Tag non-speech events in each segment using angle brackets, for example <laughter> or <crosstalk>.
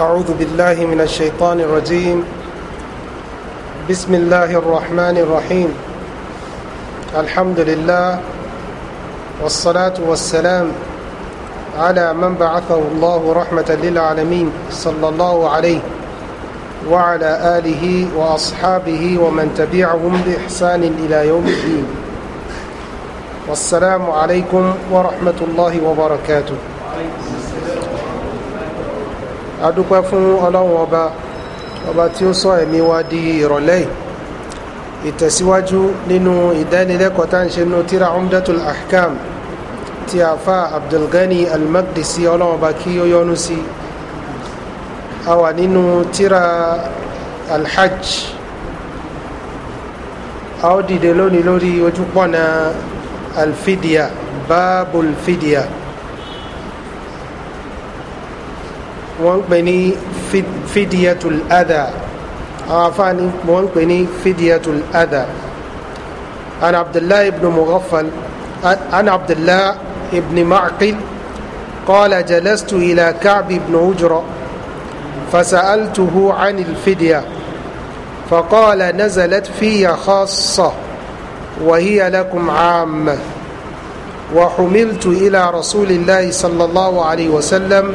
أعوذ بالله من الشيطان الرجيم بسم الله الرحمن الرحيم الحمد لله والصلاة والسلام على من بعثه الله رحمة للعالمين صلى الله عليه وعلى آله وأصحابه ومن تبعهم بإحسان إلى يوم الدين والسلام عليكم ورحمة الله وبركاته adúpẹ́ fún ọlọ́run ọba ọba tí ó sọ ẹ̀mí wa di ìrọ̀lẹ́ yìí ìtẹ̀síwájú nínú ìdánilẹ́kọ̀ọ́ tá ń ṣe nínú tíra umdatul ahkam ti àfa abdulgani almagdisi ọlọ́run ọba kí ó yọnu sí a wà nínú tíra alhajj a ó dìde lónìí lórí ojúpọ̀nà alfidia báàbùlfidia. Al wọ́n ń pè ní fídíẹ̀tul adà àwọn afáàní wọ́n ń pè ní fídíẹ̀tul adà an abdullahi ibn mughafal an abdullahi ibn ma'qil قال جلست إلى كعب بن أجرة فسألته عن الفدية فقال نزلت في خاصة وهي لكم عامة وحملت إلى رسول الله صلى الله عليه وسلم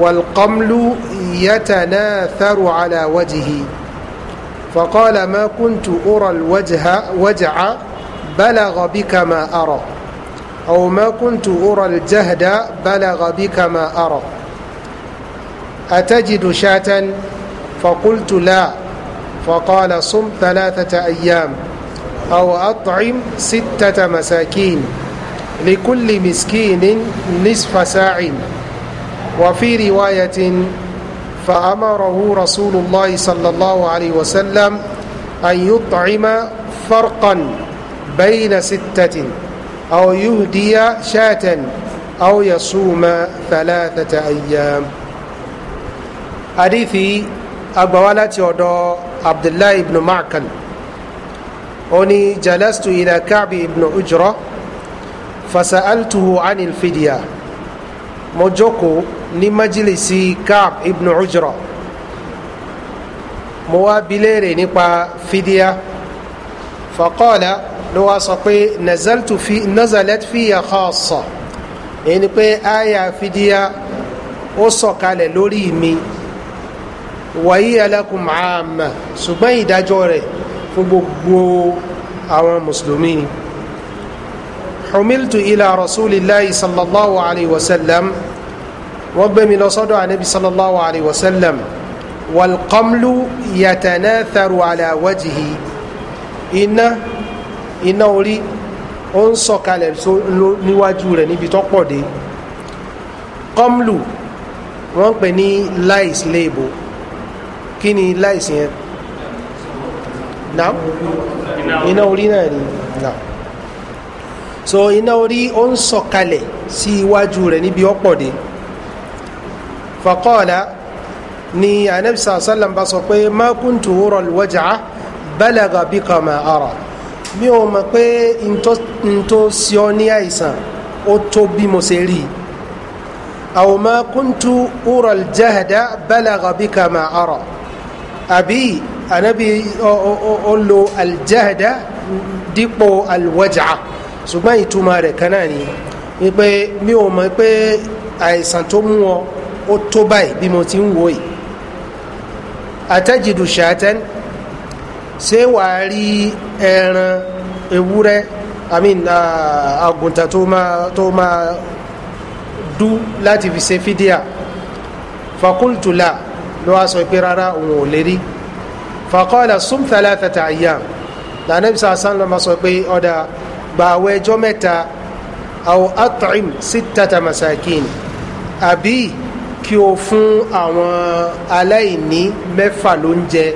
والقمل يتناثر على وجهه فقال ما كنت أرى الوجه وجع بلغ بك ما أرى أو ما كنت أرى الجهد بلغ بك ما أرى أتجد شاة فقلت لا فقال صم ثلاثة أيام أو أطعم ستة مساكين لكل مسكين نصف ساعٍ وفي رواية فأمره رسول الله صلى الله عليه وسلم أن يطعم فرقا بين ستة أو يهدي شاة أو يصوم ثلاثة أيام حديثي أبوالة يودو عبد الله بن معكن أني جلست إلى كعب بن أجرة فسألته عن الفدية مجوكو ní májìlísì Ka'b ibn Ujra mo wá bi léèrè nípa fídíà faqala ló wá sọ pé nazaltu fi nazalat fiya khassa èyí ni pé àyà fídíà ó sọ̀kalẹ̀ lórí mi wàyí alákùn àmà ṣùgbọ́n ìdájọ́ rẹ̀ fún gbogbo àwọn mùsùlùmí ni ila rasulillahi sallallahu alayhi wa sallam wọ́n gbé mi lọ sọ́dọ̀ anabi sallallahu alayhi wa sallam walqamlu yatanatharu ala wajihi iná iná orí ó ń sọ̀kalẹ̀ níwájú rẹ̀ níbi tó pọ̀ dé qamlu wọ́n pè ní láìs léèbò kí ni láìs yẹn náà iná orí náà ni náà so iná orí ó ń sọ̀kalẹ̀ sí iwájú rẹ̀ níbi ọ̀pọ̀ dé faqala ni anabi sàlám bá sọ pé ma kuntu ura al-waj'a balagha bika ma ara mi ò mọ̀ pé ntọ́ sí ọ ní àìsàn ó tó bí mo ṣe rí i aw ma kuntu ura al-jahda balagha bika ma ara àbí anabi ó lo al-jahda ṣùgbọ́n ìtumọ̀ rẹ̀ kan ni wípé mi ò mọ̀ pé àìsàn tó mú ọ ó tó báyìí bí mo ti ń wò yìí àtẹ́jìdù ṣàtẹ́n ṣé wàá rí ẹran ewúrẹ́ àmì àgùntàn tó máa tó máa dú láti fi ṣe fídíà fakultula ló wá sọ pé rárá òun ò lérí fakọ́lá súnmùtàlá tàtà àyà lànàbísà sánlọ máa sọ pé ọ̀dà gbàwé ẹjọ́ mẹ́ta àwọn atọ́ìm sí tàtà àbí kí o fún àwọn aláìní mẹ́fà ló ń jẹ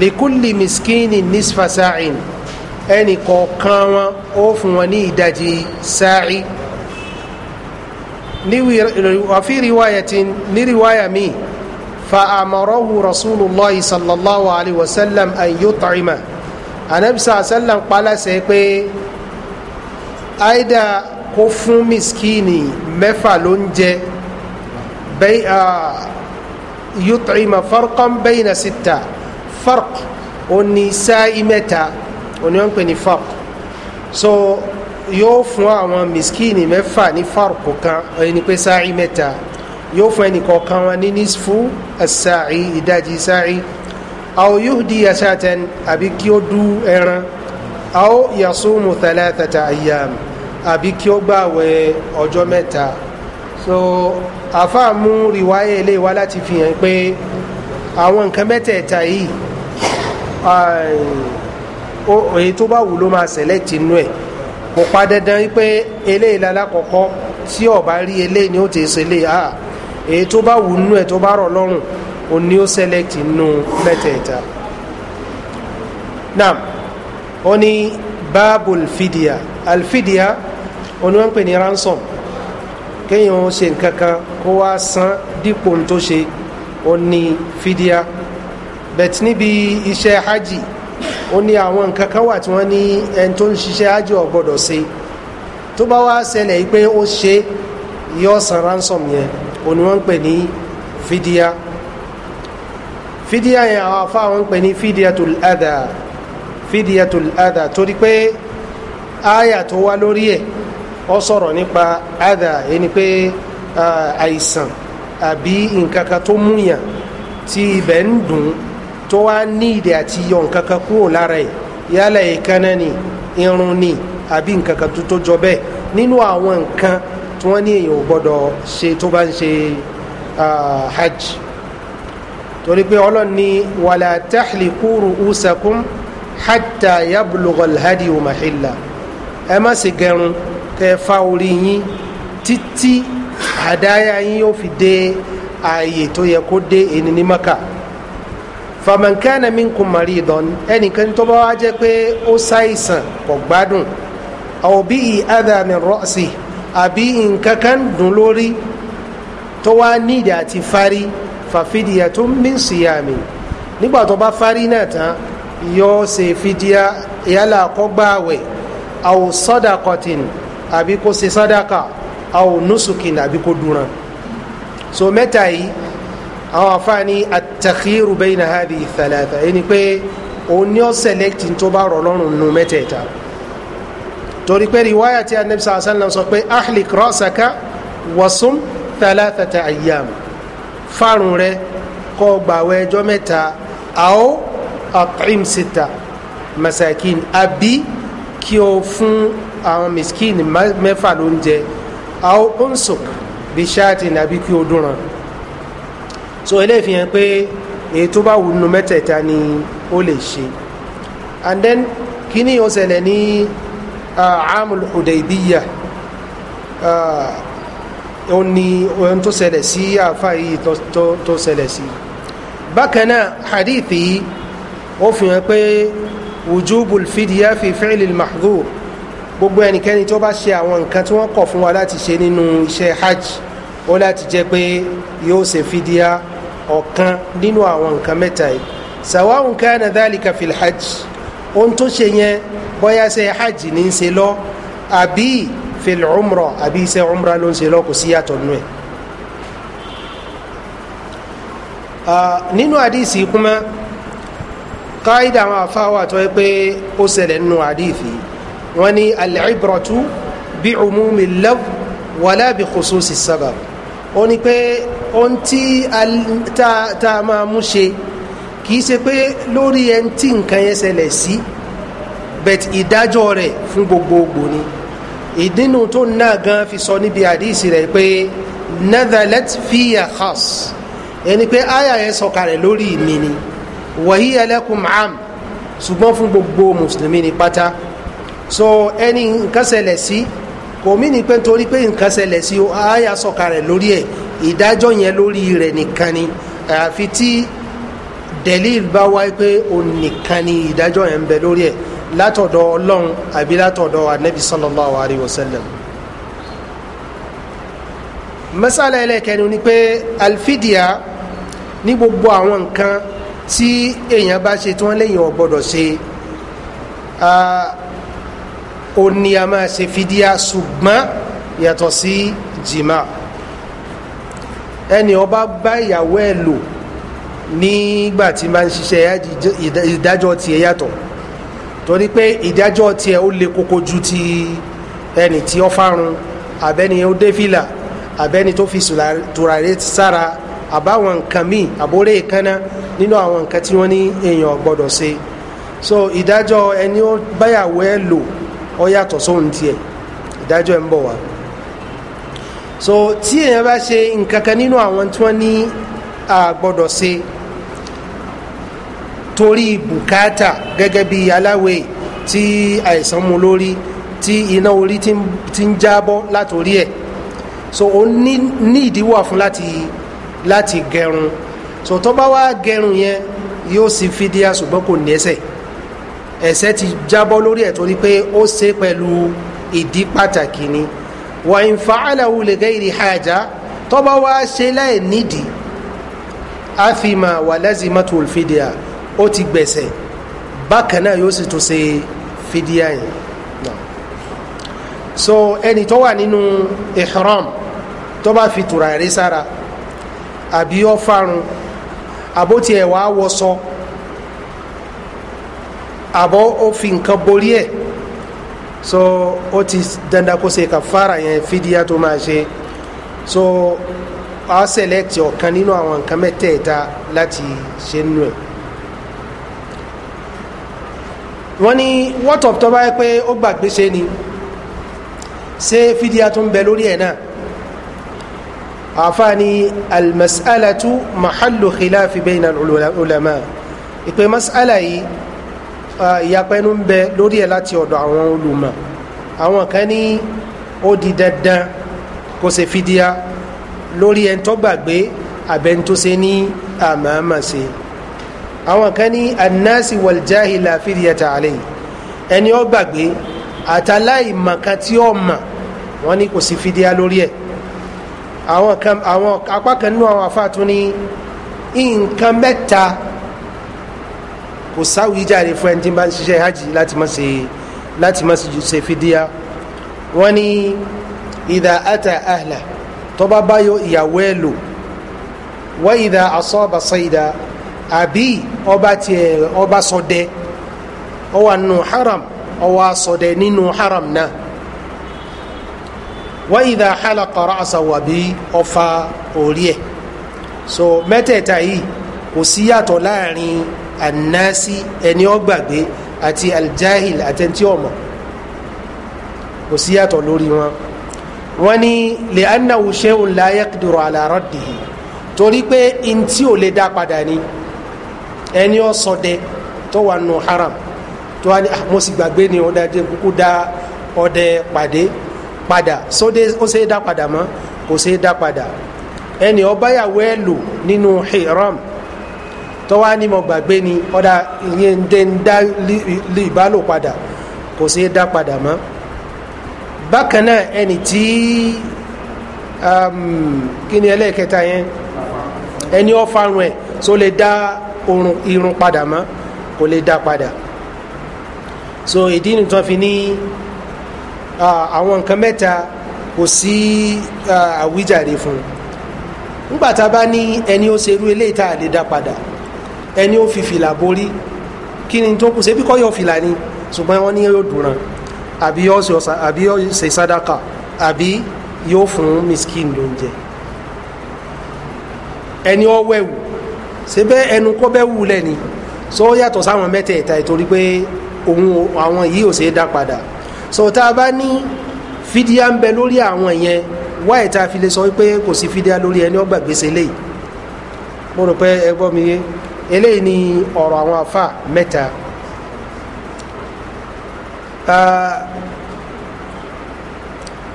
likuli miskini nisfa sa'in ẹnì kọ̀ọ̀kan wọn ó fún wọn ní ìdajì sa'i wàfí riwayatin ní riwaya mi fa amarahu rasulillah sallallahu alayhi wa sallam an yut'ima anabisa sallam kpalasẹ pé aida kó fún miskini mẹ́fà ló ń jẹ. بي يطعم فرقا بين ستة فرق النساء متى ونيونكني فرق so yóò fún àwọn miskini mẹ́fà ní farko kan ẹni pé sáàrí mẹ́ta yóò fún ẹnì kọ̀ọ̀kan wọn ní nísfú àsáàrí ìdajì sáàrí àwọn yóò di àṣàtẹn àbí kí ó dú ẹran àwọn yasumu thalatata ayyam àbí kí ó gbàwẹ̀ ọjọ́ mẹ́ta so àfáà mú rìwáyé ilé wa láti fi hàn pé àwọn nǹkan mẹ́tẹ̀ẹ̀ta yìí èyí tó bá wù ló máa select inú ẹ̀ kò pa dandan pé eléyìí lálákọ̀ọ́kọ́ tí ọba rí eléyìí ni ó ti ṣe lè ha èyí tó bá wù nú ẹ̀ tó bá rọ̀ lọ́rùn o ní ó select inú mẹ́tẹ̀ẹ̀ta naam ó ní báàbù alfidia alfidia ó ní wọ́n ń pè ní ransom kéèyàn ṣe nǹkan kan kó wá san dípò tó ṣe ó ní fídíà bẹ̀t níbi iṣẹ́ hajj ó ní àwọn nǹkan kan wà tí wọ́n ní ẹni tó ń ṣiṣẹ́ hajj ò gbọ́dọ̀ ṣe tó bá wá ṣẹlẹ̀ yìí pé ó ṣe yọ san ransom yẹn òní wọ́n ń pè ní fídíà fídíà yẹn àwọn afá wọn ń pè ní fídíà tó ládàá fídíà tó ládàá torí pé áyà tó wá lórí ẹ̀ ọ sọ̀rọ̀ nípa àdà ẹni pé àìsàn àbí nǹkan kan tó múyàn tí ibẹ̀ ń dùn tó wá ní ìdè àti yọ nǹkan kan kúrò lára ẹ̀ yálà ìkànnà ni irun ni àbí nǹkan kan tó jọ bẹ́ẹ̀ nínú àwọn nǹkan tí wọ́n ní èèyàn ò gbọ́dọ̀ ṣe tó bá ń ṣe hajj torí pé ọlọ́run ní wàlá tahliqu ru'usakum hatta yablugha alhadi mahilla ẹ má sì gẹrun kẹ́ fa orí yín títí àdáyà yín yóò fi dé ààyè tó yẹ kó dé ẹni ní maka famankana minkum maridan ẹnìkan tó bá wá jẹ́ pé ó ṣàìsàn kò gbádùn aw bihi adha min ra'si àbí nǹkan kan dùn lórí tó wá nídìí àti fárí fafidiyatun min siyami nígbà tó bá fárí náà tán yóò ṣe fídíà yálà kó gbààwẹ̀ aw sadaqatin àbí kó se sádàkà àwọn nùsùkìn àbí kó dúran so mẹ́ta yìí àwọn afáàní àtàkìrù bẹ́yìn náà hàbí ìfẹ̀lẹ́fẹ̀ ẹni pé òun ni ó sẹ̀lẹ́kìtì tó bá rọ̀ lọ́rùn nù mẹ́tẹ̀ẹ̀ta torí pé riwaya tí anabi sàlá sàlá sọ pé ahlik rọ́ọ̀sàká wàsùn thalatata ayyam fárun rẹ kọ́ gbàwé ẹjọ́ mẹ́ta àó àtìm masakin àbí kí o fún àwọn miskin mẹ́fà ló ń jẹ àwọn unsuk bíi ṣáàtì nàbí kí o dúnran so eléyìí fi hàn pé èyí tó bá wù mẹ́tẹ̀ẹ̀ta ni ó lè ṣe and then kíní ó ṣẹlẹ̀ ní amul hudaybiya ó ní ohun tó ṣẹlẹ̀ sí àfa yìí tó ṣẹlẹ̀ sí bákan náà hadithi ó fi hàn pé wujubul fidiya fi fẹ́ẹ̀lì mahdur gbogbo ẹnikẹ́ni tó bá ṣe àwọn nǹkan tí wọ́n kọ̀ fún wa láti ṣe nínú iṣẹ́ hajj ó láti jẹ́ pé yóò ṣe fídíà ọ̀kan nínú àwọn nǹkan mẹ́ta yìí sàwáhùn káyánà dálìkà fil hajj ohun tó ṣe yẹn bóyá ṣe hajj ní í ṣe lọ àbí fil umrọ àbí ṣe umra ló ń ṣe lọ kò sí yàtọ̀ nù ẹ̀. nínú àdìsí kúmọ́ káyidà àwọn afáwà tó yẹ pé ó ṣẹlẹ̀ nínú àdìsí yìí wọ́n ní al-ibratu bi umumi lab wala bi khususi sabab ó ní pé ohun tí tá a máa mú ṣe kìí ṣe pé lórí ẹni tí nǹkan yẹn ṣẹlẹ̀ sí bet ìdájọ́ rẹ̀ fún gbogbogbò ni ìdínú tó náà gan fi sọ níbi àdísì rẹ̀ pé nathalet fiya khas ẹni pé aya yẹn sọkalẹ̀ lórí mi ni wàhíyalẹ́kùn am ṣùgbọ́n fún gbogbo mùsùlùmí ni pátá so ẹni nǹkan ṣẹlẹ̀ sí kò mí ni pé nítorí pé nǹkan ṣẹlẹ̀ sí o àyà sọ̀kalẹ̀ lórí ẹ̀ ìdájọ́ yẹn lórí rẹ̀ nìkan ni àfi tí delil bá wáyé pé òun nìkan ni ìdájọ́ yẹn ń bẹ lórí ẹ̀ látọ̀dọ̀ ọlọ́run àbí látọ̀dọ̀ anabi sallallahu alayhi wa sallam masala ẹlẹ́kẹ̀ẹ́nu ni pé alfidia ní gbogbo àwọn nǹkan tí èèyàn bá ṣe tí wọ́n léèyàn gbọ́dọ̀ ṣe ó ní a máa ṣe fídíà ṣùgbọ́n yàtọ̀ sí jìmá ẹni ọba bá ìyàwó ẹ̀ lò nígbà tí máa ń ṣiṣẹ́ ìdájọ́ tiẹ̀ yàtọ̀ torí pé ìdájọ́ tiẹ̀ ó le koko ju ti ẹni tí ó fárun abẹ́ni ó dé fìlà abẹ́ni tó fi tùràrí sára àbáwọn nǹkan míì àbórè kánná nínú àwọn nǹkan tí wọ́n ní èèyàn gbọ́dọ̀ ṣe so ìdájọ́ ẹni ó báyàwó ẹ̀ lò ọ yàtọ̀ sóhun tiẹ̀ ìdájọ́ ẹ̀ ń bọ̀ wá so tí èèyàn bá ṣe nǹkan kan nínú àwọn tí wọ́n ní àgbọ́dọ̀ ṣe torí bùkátà gẹ́gẹ́ bí aláwẹ̀ tí àìsàn mu lórí tí iná orí ti ń jábọ́ látòrí ẹ̀ so ó ní ìdíwọ́ fún láti láti gẹrun so tó bá wá gẹrun yẹn yóò sì fídíà ṣùgbọ́n kò ní ẹsẹ̀ ẹ̀ṣẹ̀ ti jábọ́ lórí ẹ̀ torí pé ó ṣe pẹ̀lú ìdí pàtàkì ni wà ń fa aláwo lè gẹ́ ìrì hajà tọ́ba wá ṣe láì nídìí àfìmà wà lẹ́sìmọ́tò fìdíà ó ti gbẹ̀sẹ̀ bákan náà yóò sì tún ṣe fìdíà yìí so ẹni tó wà nínú ihram tó bá fi tùràrí sára àbí ó àbótiẹ̀ wàá wọ sọ. So, àbọ̀ ó fi nǹkan borí ẹ̀ so ó ti dandan kó ṣe kàfàrà yẹn fídíà tó máa ṣe so a select ọ̀kan nínú àwọn nǹkan mẹ́tẹ̀ẹ̀ta láti ṣe nínú ẹ̀ wọ́n ní wọ́tọ̀ tó bá yẹ pé ó gbàgbé ṣe ni ṣé fídíà tó ń bẹ lórí ẹ̀ náà àfáàní almasalatu mahallu khilafi bayna ulama ìpè masala yìí Ah, ìyapẹnu ń bẹ lórí ẹ láti ọ̀dọ̀ àwọn olùmọ̀ àwọn kan ní ó di dandan kó ṣe fìdíà lórí ẹni tó gbàgbé abẹni tó ṣe ní àmàmà ṣe àwọn kan ní anasi waljahila fìdíyàtà àlẹ ẹni ó gbàgbé àtàláìmọ̀kan tí ó mọ̀ wọ́n ní kò sí fìdíà lórí ẹ̀ àwọn apá kan nínú àwọn afáàtún ní nǹkan mẹ́ta kò sáwìíjáre fún ẹni tí bá ń ṣiṣẹ́ hajj láti má ṣe láti má ṣe fìdíya wọ́n ní ìdá ata ahla tọ́ba báyọ̀ ìyàwó ẹ̀ lò wọ́n ìdá asọ́ba sayida àbí ọba tiẹ̀ ọba sọdẹ ọwà nù haram ọwà sọdẹ nínú haram náà wọ́n ìdá halaqa ra'sahu àbí ọfà orí so mẹ́tẹ̀ẹ̀ta yìí kò síyàtọ̀ láàrin anasi ẹni ó gbàgbé àti aljahil àtẹntí ọmọ kò sí yàtọ̀ lórí wọn wọn ni lè anáwó ṣéun láyé dùrọ̀ àlàrọ̀ dìhì torí pé ntí ò lè dá padà ni ẹni ó ṣọdẹ tó wà nù haram tó wà ní ah, mo sì gbàgbé ni ọ̀dà dé kúkú dá ọdẹ pàdé padà sóde ó ṣe dá padà mọ́ kò ṣe dá padà ẹni ó bá ẹ lò nínú haram. No tọ́wá ni mo gbàgbé ni ọ̀dà ìyẹn ń dé ń dá ìbálò padà kò sí dá padà mọ́ bákan náà ẹni tí um, kí ni ẹlẹ́ẹ̀kẹta yẹn ẹni ọ̀farun ẹ̀ tó lè dá irun padà mọ́ kò lè dá padà so ìdí nìkan tó fi ní àwọn nǹkan mẹ́ta kò sí àwíjàre fún un nígbà tá a bá ní ẹni ó ṣerú eléyìí tá a lè dá padà ẹni ó fi fìlà borí kí ni tó kù ṣe bí kọ́ yọ fìlà ni ṣùgbọ́n wọ́n ní yóò dùnràn àbí yóò ṣe sádàkà àbí yóò fún miskin lóúnjẹ ẹni ó wẹ̀wù ṣe ẹnu kọ́ bẹ́ẹ̀ wù lẹ́ni so yàtọ̀ sáwọn mẹ́tẹ̀ẹ̀ta ìtorí pé òun àwọn yìí ò ṣe é dá padà so tá a bá ní fídíà ń bẹ lórí àwọn yẹn wá ìta fi lè sọ pé kò sí fídíà lórí ẹni ọgbà gbèsè léyìí mo rò pé ẹ gbọ́ mi yé eléyìí ni ọ̀rọ̀ àwọn afa mẹ́ta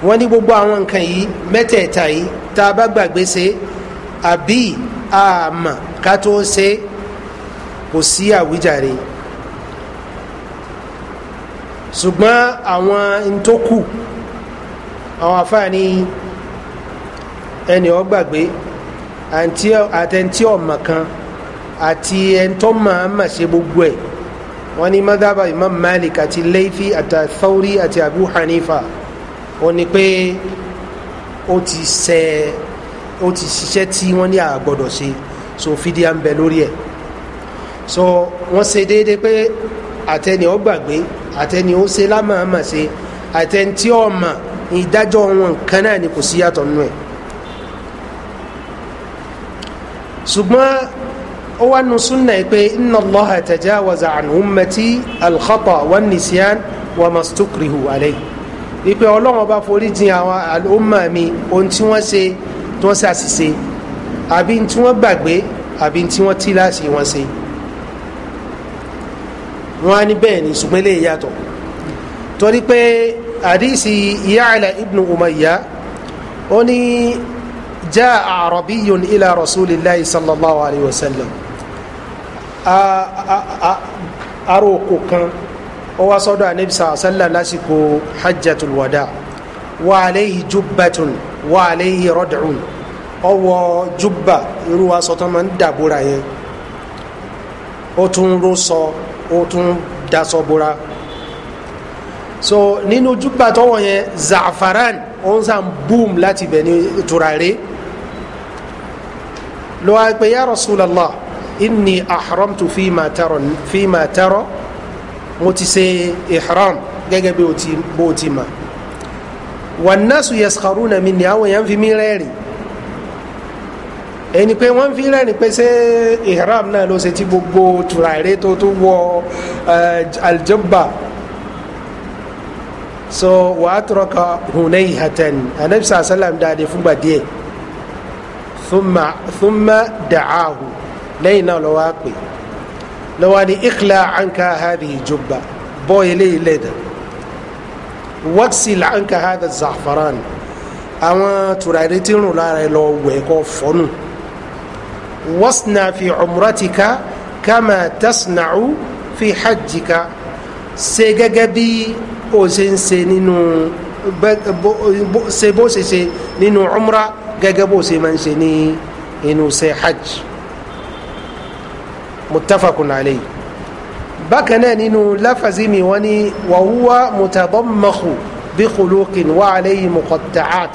wọ́n ní gbogbo àwọn nǹkan yìí mẹ́tẹ̀ẹ̀ta yìí tá a bá gbàgbé ṣe àbí àmà ká tó ṣe kò sí àwíjàre ṣùgbọ́n àwọn ntókù àwọn afáàní ẹni ọ gbàgbé àtẹ̀ntí ọ̀mà kan àti ẹ̀ńtọ́ máa mà ṣe gbogbo ẹ̀ wọ́n ní madhaba imam malik àti leifi àti thawri àti abu hanifa wọ́n ní pé ó ti ṣe ó ti ṣiṣẹ́ tí wọ́n ní àgbọ̀dọ̀ ṣe so fídíà ń bẹ lórí ẹ̀ so wọ́n ṣe déédéé pé àtẹni ó gbàgbé àtẹni ó ṣe lámàmà àtẹni tí ó mà ìdájọ́ wọn kan náà ni kò síyàtọ̀ nù ẹ̀ ṣùgbọ́n ó wá nu súnà yìí pé inna Allaha tajawaza an ummati al-khata wan nisyan wa mastukrihu alayhi ipe ọlọ́run ọba forí jìn àwọn àlùmọ̀ mi ohun tí wọ́n ṣe tí wọ́n ṣe àṣìṣe àbí tí wọ́n gbàgbé àbí tí wọ́n tí láṣì wọ́n ṣe wọ́n á ní bẹ́ẹ̀ ni ṣùgbọ́n lè yàtọ̀ torí pé àdìsí Ya'la ibnu Umayya ó ní jaa a'rabiyyun ila rasulillahi sallallahu alayhi wa sallam ara oko kan ó wá sọ́dọ̀ anabisa asálà lásìkò hajjatul wada wà aléhi jubbatun wà aléhi rọ́dùn ọwọ́ jubba irú aṣọ tó máa ń dàbúra yẹn ó tún ró sọ ó tún daṣọ búra so nínú jubba tọwọ yẹn zaafaran ó ń sàn boom láti bẹ̀ ní turare lọ́wọ́ pé yá rasulallah inni ahramtu fima tara mo ti ṣe ihram gẹ́gẹ́ bó o ti ma wan nasu yaskharuna minni àwọn èèyàn fi mí rẹ́rìn ẹni pé wọ́n fi rẹ́rìn pé ṣé ihram náà ló ṣe ti gbogbo tùràrí tó tó wọ aljabba so wà á tọrọka hunay hatan anabi sàlám dáadé fúngbà díẹ̀ thumma da'ahu lẹ́yìn náà lọ́wọ́ á pè lọ́wọ́ ni ikhla anka hadhihi jubba bọ́ eléyìí lẹ́dà waksila anka hadha zafaran àwọn tùràrí tí ń rùn lára ẹ lọ wẹ̀ kọ́ fọ́nù wasna fi umratika kama tasna'u fi hajjika ṣe gẹ́gẹ́ bí o ṣe ń ṣe nínú ṣe bó ṣe ṣe nínú umra gẹ́gẹ́ bó ṣe máa ń ṣe ní inú ṣe hajj. متفقون عليه. bákan náà nínú láfàzí mi wọ́n ní wàhúwá mutadammakhu bí khuluqin wà alayhi muqatta'at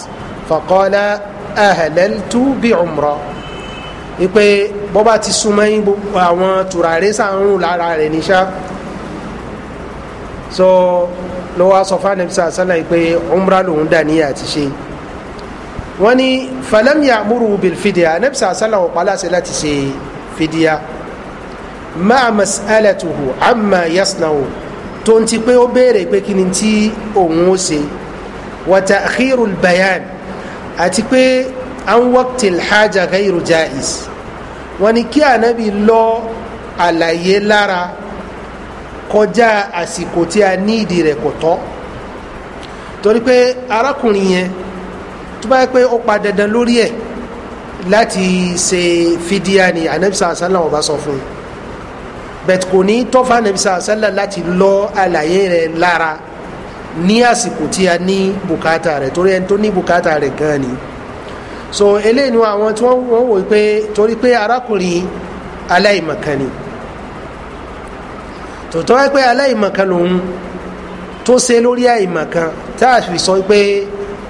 faqala ahlaltu bí umra ipe bọ́bá ti súnmọ́ yín gbogbo àwọn tùràrí sàrùn lára rẹ̀ níṣá so ló wá sọ fáwọn ẹbí sàlá pé umra lòun dà níyà ti ṣe wọ́n ní falam ya'muru bil fidiya ẹbí sàlá ọ̀pá láṣẹ ṣe fidiya máa masalatuhu amma yasnawo tó ń ti pé ó béèrè pé kí ni tí òun ó ṣe wa ta'khirul bayan àti pé an waqtil haja ghayru jaiz wọ́n ní kí ànábì lọ àlàyé lára kọjá àsìkò tí a ní ìdí rẹ̀ kò tọ́ torí pé arákùnrin yẹn tó bá yẹ pé ó pa dandan lórí ẹ̀ láti ṣe fídíà ni ànábì sàlám ọba sọ fún un bẹ̀t kò ní tọ́fà nàbísà sálà láti lọ àlàyé rẹ̀ lára ní àsìkò tí a ní bùkátà rẹ̀ torí ẹni tó ní bùkátà rẹ̀ gan ni so eléyìí ni àwọn tí wọ́n wò pé torí pé arákùnrin aláìmọ̀kan ni tòótọ́ pé aláìmọ̀kan lòun tó ṣe lórí àìmọ̀kan tá a fi sọ pé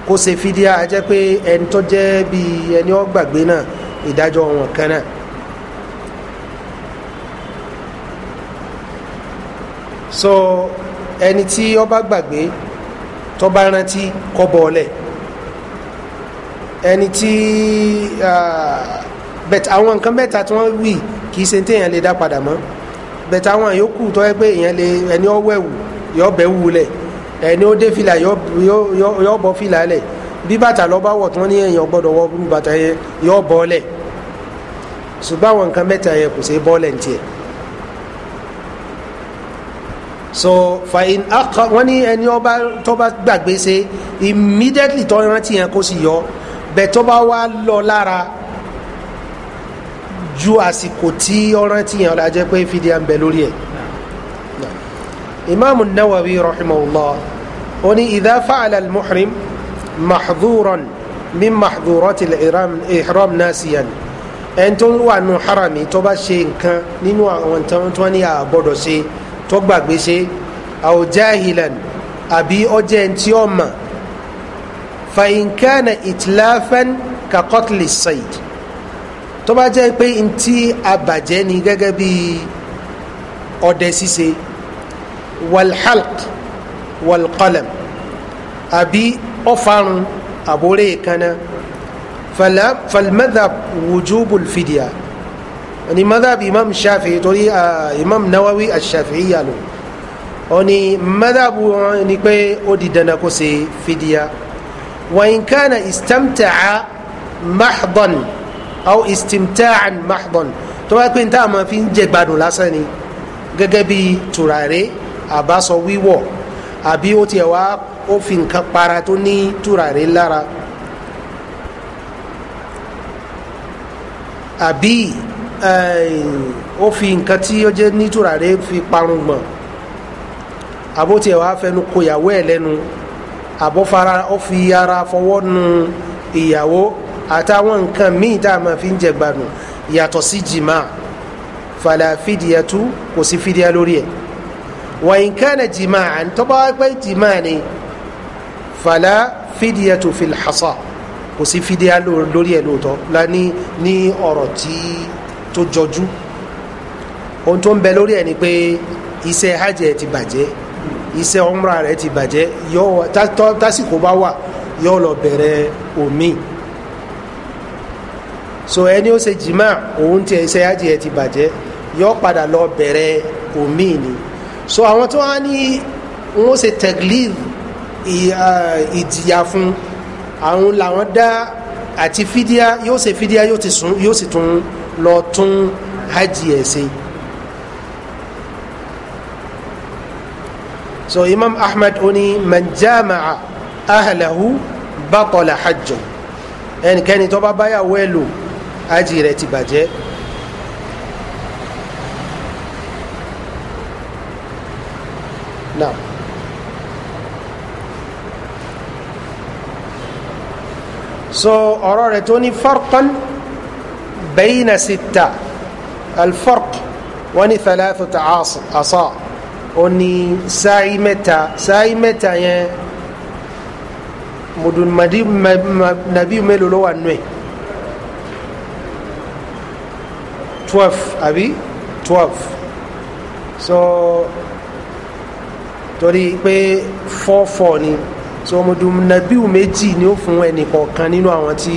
kó ṣe fídíà jẹ́ pé ẹni tó jẹ́ bíi ẹni ó náà ìdájọ́ wọn kan náà. so ẹni tí ọ bá gbàgbé tó bá rántí kọ́ bọ́ọ̀lẹ̀ ẹni tí bẹ̀t àwọn nǹkan mẹ́ta tí wọ́n wì kì í ṣe téèyàn lè dá padà mọ́ bẹ̀t àwọn yòókù tó yẹ pé èèyàn lè ẹni ọ wẹ̀wù yọ bẹ̀ wù lẹ̀ ẹni ó dé fìlà yọ bọ́ fìlà lẹ̀ bí bàtà lọ́ba wọ̀ tí wọ́n ní èèyàn gbọ́dọ̀ wọ́ bàtà yẹn yọ bọ́ọ̀lẹ̀ ṣùgbọ́n àwọn nǹkan mẹ́ta yẹn kò ṣe bọ́ọ̀lẹ̀ ní tiẹ̀ so fain aka wọn ní ẹni ọba tọba gbàgbé ṣe immediately tọ́ rántí yẹn kó sì yọ bẹ́ẹ̀ tọ́ba wa lọ lára ju àsìkò tí ọ̀ràn tí yàn lájẹ́ pé fìdí à ń bẹ lórí ẹ̀ imaamu nawawi rahimahullah ó ní ìdá fàcàlà muhrim maḥduran min maḥdurati ihram nasiyan ẹni tó ń wà nù harami tó ṣe nǹkan nínú àwọn tó ń ní àgbọ̀dọ̀ ṣe tó gbàgbé ṣe àwòjáhìlán àbí ọjẹ́ tí ó mọ̀ fàyínkánà ìtìláfẹ́n kakọ́tìlì said tó bá jẹ́ pé ntí abàjẹ́ ni gẹ́gẹ́ bí ọdẹ ṣíṣe walhalq walqalam àbí ọ̀farun àbórè kaná falmadhab wujubul fìdíà ni madhab imam shafi'i torí imam nawawi ashafi'i yanu oni madhab wọn ni pé ó di dandan kó ṣe fidiya wa in kana istamta'a mahdan aw istimta'an mahdan tó bá pé n táà máa fi ń jẹ gbádùn ni gẹ́gẹ́ bí tùràrí àbáṣọ wíwọ̀ àbí ó tiẹ̀ wá ó fi nǹkan para tó ní tùràrí lára àbí Eh, ó fi nǹkan tí ó jẹ́ nítura rẹ̀ fi parun gbọ̀n àbótí ẹ̀ wá fẹnu kò ìyàwó ẹ̀ lẹ́nu àbọ̀fara ó fi ara fọwọ́ nu ìyàwó àtàwọn nǹkan míì tá a máa fi ń jẹgbanu yàtọ̀ sí jìmá fàlà fìdíyàtú kò sí fìdíyà lórí ẹ̀ wàyí kánà jìmá àn pé jìmá ni fàlà fìdíyàtú fìlhàṣà kò sí fìdíyà lórí ẹ̀ lóòótọ́ la ní ọ̀rọ̀ tí tó jọjú ohun tó ń bẹ lórí ẹ̀ ni pé iṣẹ́ hajj ẹ̀ ti bàjẹ́ iṣẹ́ umra rẹ̀ ti bàjẹ́ yóò tásìkò bá wà yóò lọ bẹ̀rẹ̀ omi so ẹni ó ṣe jìmá òun tiẹ̀ iṣẹ́ hajj ẹ̀ ti bàjẹ́ yóò padà lọ bẹ̀rẹ̀ omi ni so àwọn tó wá ní wọ́n ṣe tẹ̀glíf ìjìyà fún àwọn làwọn dá àti fídíà yóò ṣe fídíà yóò sì tún lọ tún hajj ẹ̀ so imam ahmed oni man jama'a ahlahu batala hajjọ ẹnikẹ́ni tó bá báyàwó ẹ̀ lò hajj rẹ̀ ti bàjẹ́. Now. so ọ̀rọ̀ rẹ̀ tó ní farkan بين ستة الفرق وني ثلاثة عصا oni sáyí mẹ́ta sáyí mẹ́ta yẹn mùdùnmàdì nàbí mélòó ló wà nù ẹ̀ twelve àbí twelve so torí pé four four ni so mùdùnmàdì méjì ni ó fún ẹnì kọ̀ọ̀kan nínú àwọn tí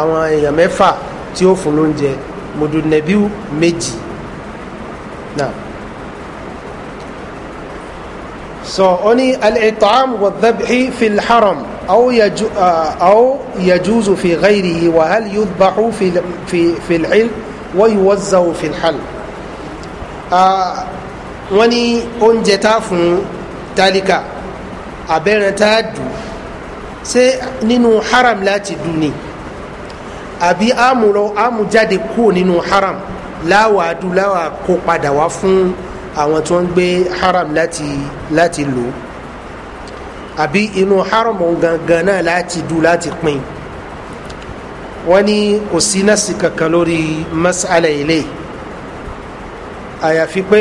àwọn èèyàn mẹ́fà tí ó fún lóúnjẹ mùdùnẹ́bíù méjì náà so ó ní al-itam wa dhabhi fi al-haram aw yaju aw yajuzu fi ghayrihi wa hal yudbahu fi fi fi al-ilm wa yuwazzahu fi wọ́n ní oúnjẹ tá fún tálíkà abẹ́rẹ́ tá dùn ṣé nínú haram láti dùn ni àbí àmúlọ àmújáde kúrò nínú haram láwàádú láwàá kó padà wá fún àwọn tó ń gbé haram láti láti lò àbí inú haram gangan náà láti dù láti pin wọ́n ní kò sí nọ́ọ̀sì kankan lórí mas'ala ilé àyàfi pé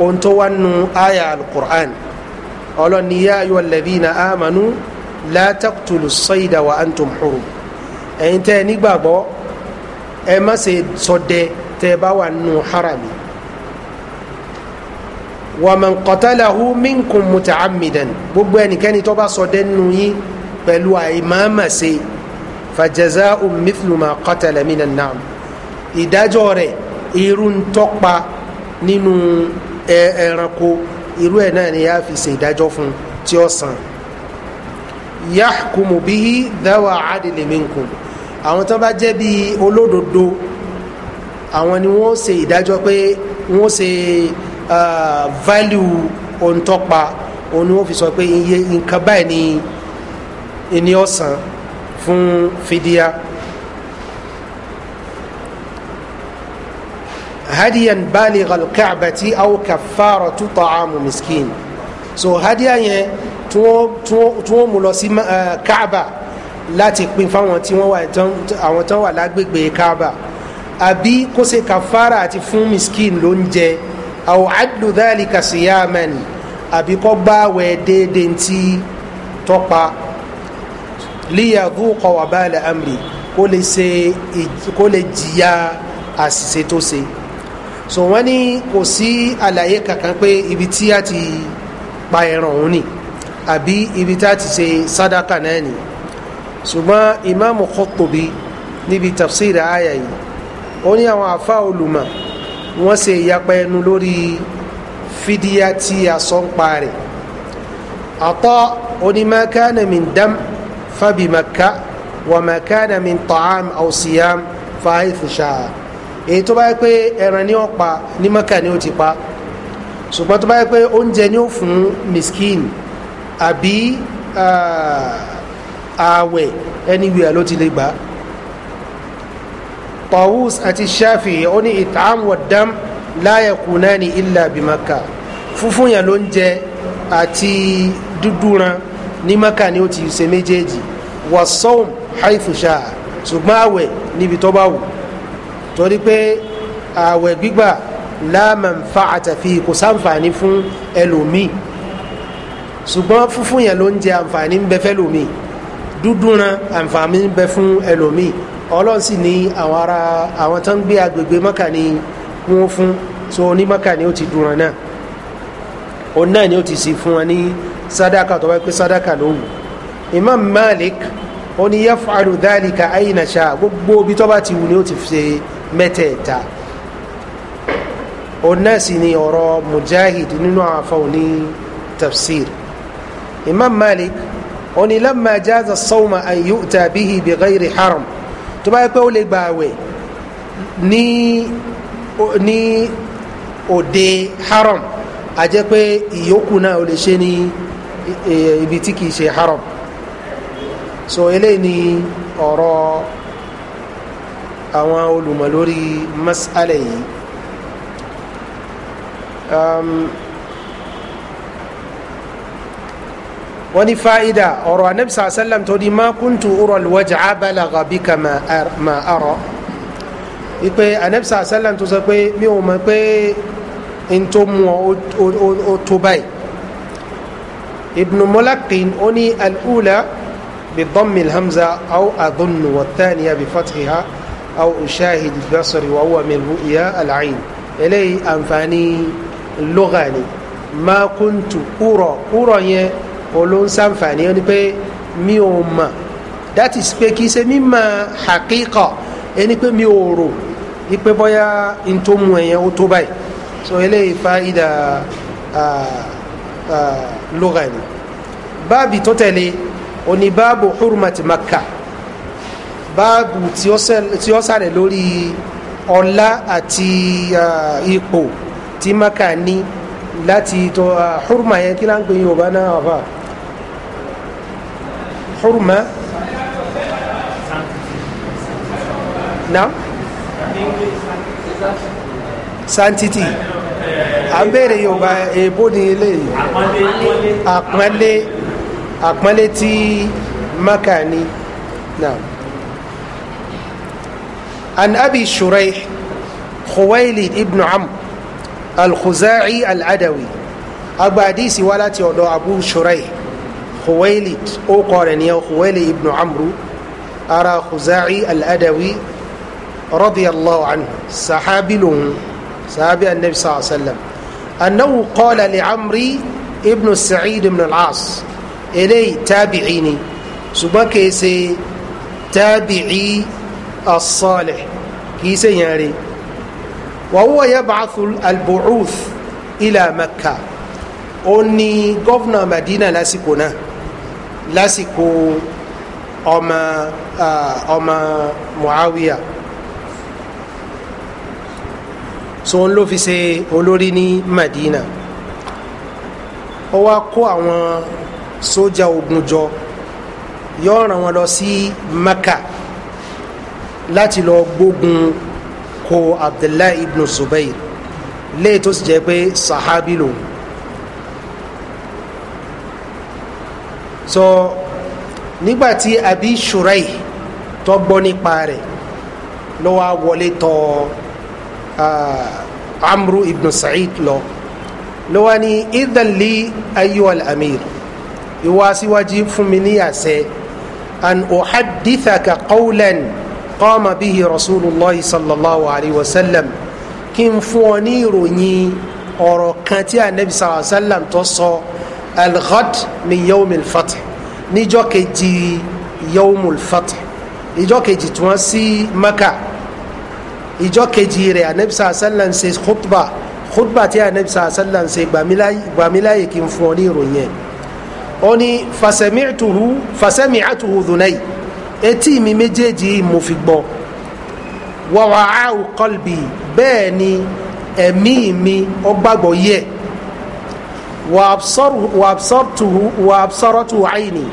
ohun tó wà nù àyà alukur'an ọlọ́ni yá ayọ̀ lẹ́bí na àmànú la taqtulu sayda wa antum hurum ẹ̀yin tẹ́ ẹ nígbàgbọ́ ẹ má ṣe ṣọdẹ tẹ́ ẹ bá wà nù harami wa man qatalahu minkum muta'ammidan gbogbo ẹnikẹ́ni tó bá ṣọdẹ nù yín pẹ̀lú àìmọ̀ọ́mọ̀ṣe fajaza'un mithlu ma qatala minan na'am ìdájọ́ rẹ̀ irú ń tọ́pa nínú ẹranko irú ẹ̀ náà ni a fi ṣe ìdájọ́ fún tí ó san yahkumu bihi dawa adili minkum àwọn tó bá jẹ́ bí olódodo àwọn ni wọ́n ṣe ìdájọ́ pé wọ́n ṣe value òǹtọ́pa òun ni wọ́n fi sọ pé iye nǹkan báyìí ni ní ọ̀sán fún fìdíà hadiyan baligh al-ka'bati aw kaffaratu ta'amu miskin so hadiya yẹn tí wọ́n mú lọ sí eh, káàbà láti pin fáwọn tí wọ́n wà àwọn tán wà lágbègbè káàbà àbí kó ṣe kàfàrà àti fún miskin ló ń jẹ àwọn adlu dhalika siyaman àbí kọ́ bá wẹ̀ déédéé ti tọ́pa liyadhuqa wabala amri kó lè ṣe kó lè jìyà àṣìṣe tó ṣe so wọ́n ní kò sí àlàyé kankan pé ibi tí a ti pa ẹran òun nìyí àbí ibi tá a ti ṣe sádàkà náà ni ṣùgbọ́n ìmáàmù Qurtubi níbi tafsiri àyà yìí ó ní àwọn àfa olùmọ̀ wọ́n ṣe ìyapa ẹnu lórí fídíà tí a sọ ń pa rẹ̀ àtọ́ onímọ̀kánà min dam fábì màkà wà màkánà min ta'am aw siyam èyí tó bá yẹ pé ẹran ni ó pa ní màkà ni ó ti pa ṣùgbọ́n tó bá yẹ pé oúnjẹ ni ó fún miskin àbí ààwẹ̀ anywhere ló ti lè gbà tawus àti shafi ó ní ìtààmù ọ̀dám láyẹ̀ kùnà ní ilà bìmaka funfun yẹn ló ń jẹ àti dúdúran ní maka ni ó ti ṣe méjèèjì wasọ́ọ̀m haifusha ṣùgbọ́n àwẹ̀ níbi tó bá wù torí pé àwẹ̀ gbígbà láàmà ń fa àtàfi kò sáǹfààní fún ẹlòmíì ṣùgbọ́n funfun yẹn ló ń jẹ àǹfààní ń bẹ fẹ́ lómi dúdúran àǹfààní ń bẹ fún ẹlòmí ọlọ́run sì ní àwọn ará àwọn tó ń gbé agbègbè mọ́kà ni wọ́n fún so ní mọ́kà ni ó ti dúnran náà òun náà ni ó ti sì fún wọn ní sadaka tó bá pé sadaka ló wù imam malik ó ní yaf'alu dhalika ayna gbogbo ibi tó bá ti wù ni ó ti ṣe mẹ́tẹ̀ẹ̀ta òun náà sì ni ọ̀rọ̀ mujahid nínú àfọ̀ ní tafsir. Imam Malik òní lamma jaza sawma an yu'ta bihi bi ghairi haram tó bá yẹ pé ó lè gba àwẹ̀ ní ní òde haram a jẹ́ pé ìyókù náà ó lè ṣe ní e, ibi tí kìí ṣe haram so eléyìí ni ọ̀rọ̀ àwọn olùmọ̀ lórí mas'ala yìí. Um, wọ́n ní fáìdà ọ̀rọ̀ anabi sàlám tó di máa kúntù ọ̀rọ̀ lùwọ́jà abala rabi ka máa arọ ipe anabi sàlám tó sọ pé mi ò mọ̀ pé n tó mu ọ ó tó báyìí ibnu mulakin ó ní al'ula بضم الهمزة أو أظن والثانية بفتحها أو أشاهد البصر وهو من رؤيا العين إليه أنفاني اللغاني ما كنت أرى أرى olóhùn sànfàní ó ní pé mi ò mọ̀ that is pé kì í ṣe mímọ̀ hakíkọ ẹni pé mi ò rò ipe bọ́yá n tó mu ẹ̀yẹn ó tó so eléyìí fa ìdá lóra ni tó tẹ̀lé òní báàbù hurmati makka báàbù tí ó sàrẹ̀ lórí ọlá àti ipò tí makka ní láti tó hurma yẹn kí láǹpẹ̀ yorùbá náà wà fáà hurma نعم سانتيتي à ń béèrè yorùbá èèbó ni eléyìí àpọ́nlé àpọ́nlé tí maka ni now عن أبي شريح خويلد ابن عمرو الخزاعي العدوي أبو حديث ولاتي أبو شريح khuwailid ó kọ́ rẹ̀ nìyẹn khuwailid ibn amru ara khuza'i al-adawi radiyallahu anhu sahabi lòun sahabi anabi sallallahu alayhi wa sallam annahu qala li amri ibn sa'id ibn al-as eléyìí tábìcì ni ṣùgbọ́n kìí ṣe tábìcì as-salih kìí ṣe yẹn rí wa huwa yab'athu al-bu'uth ila makkah ó ní gọ́fúnà madina lásìkò náà lásìkò ọmọ ọmọ muawiya so òun ló fi ṣe olórí ní madina ó wá kó àwọn sójà ogun jọ yóò ràn wọn lọ sí maka láti lọ gbógun ko abdullahi ibn zubair léè tó sì jẹ pé sahabi lòun so nígbàtí àbí ṣùrẹ́ì tó gbọ́ nípa rẹ̀ ló wá wọlé tọ amru ibn sa'id lọ ló wá ní idali ayyuhal amir ìwà síwájú fún mi ní àṣẹ an uhadithaka qawlan qama bihi rasulillah sallallahu alayhi wa sallam kí n fún ọ ní ìròyìn ọ̀rọ̀ kan tí anabi sallallahu alayhi wa sallam tó sọ. So, alghad min yawm al-fath níjọ́ kejì yawm al-fath ìjọ́ kejì tí wọ́n sí maka ìjọ́ kejì rẹ̀ anabisa asalan ṣe khutba khutba tí anabisa asalan ṣe gbàmíláyè kí n fún ọ ní ìròyìn yẹn ó ní fasami'tuhu fasami'atuhu mi méjèèjì mo fi gbọ́ wa wa'ahu ni ẹ̀mí mi ó gbàgbọ́ wàbsọ́rọ̀tù àìní